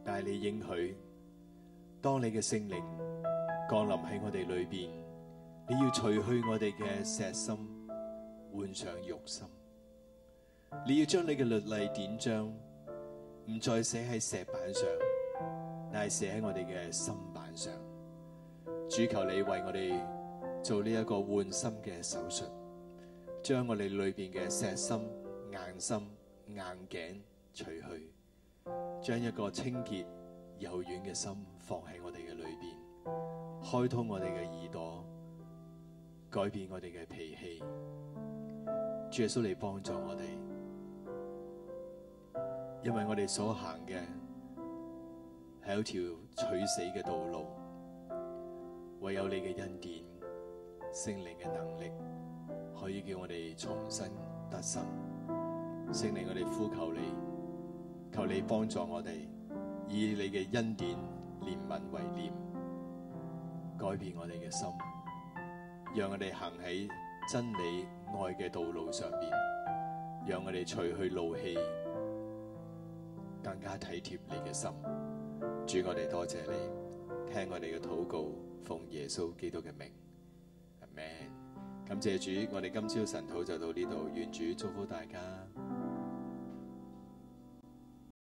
但係你應許。當你嘅聖靈降臨喺我哋裏邊，你要除去我哋嘅石心，換上肉心。你要將你嘅律例典章唔再寫喺石板上，但係寫喺我哋嘅心板上。主，求你為我哋做呢一個換心嘅手術，將我哋裏邊嘅石心、硬心、硬頸除去，將一個清潔，柔軟嘅心放喺我哋嘅裏邊，開通我哋嘅耳朵，改變我哋嘅脾氣。主耶穌嚟幫助我哋，因為我哋所行嘅係一條取死嘅道路，唯有你嘅恩典、聖靈嘅能力，可以叫我哋重新得生。聖靈，我哋呼求你，求你幫助我哋。以你嘅恩典、憐憫為念，改變我哋嘅心，讓我哋行喺真理愛嘅道路上邊，讓我哋除去怒氣，更加體貼你嘅心。主，我哋多謝你，聽我哋嘅禱告，奉耶穌基督嘅名，Amen。感謝主，我哋今朝晨禱就到呢度，願主祝福大家。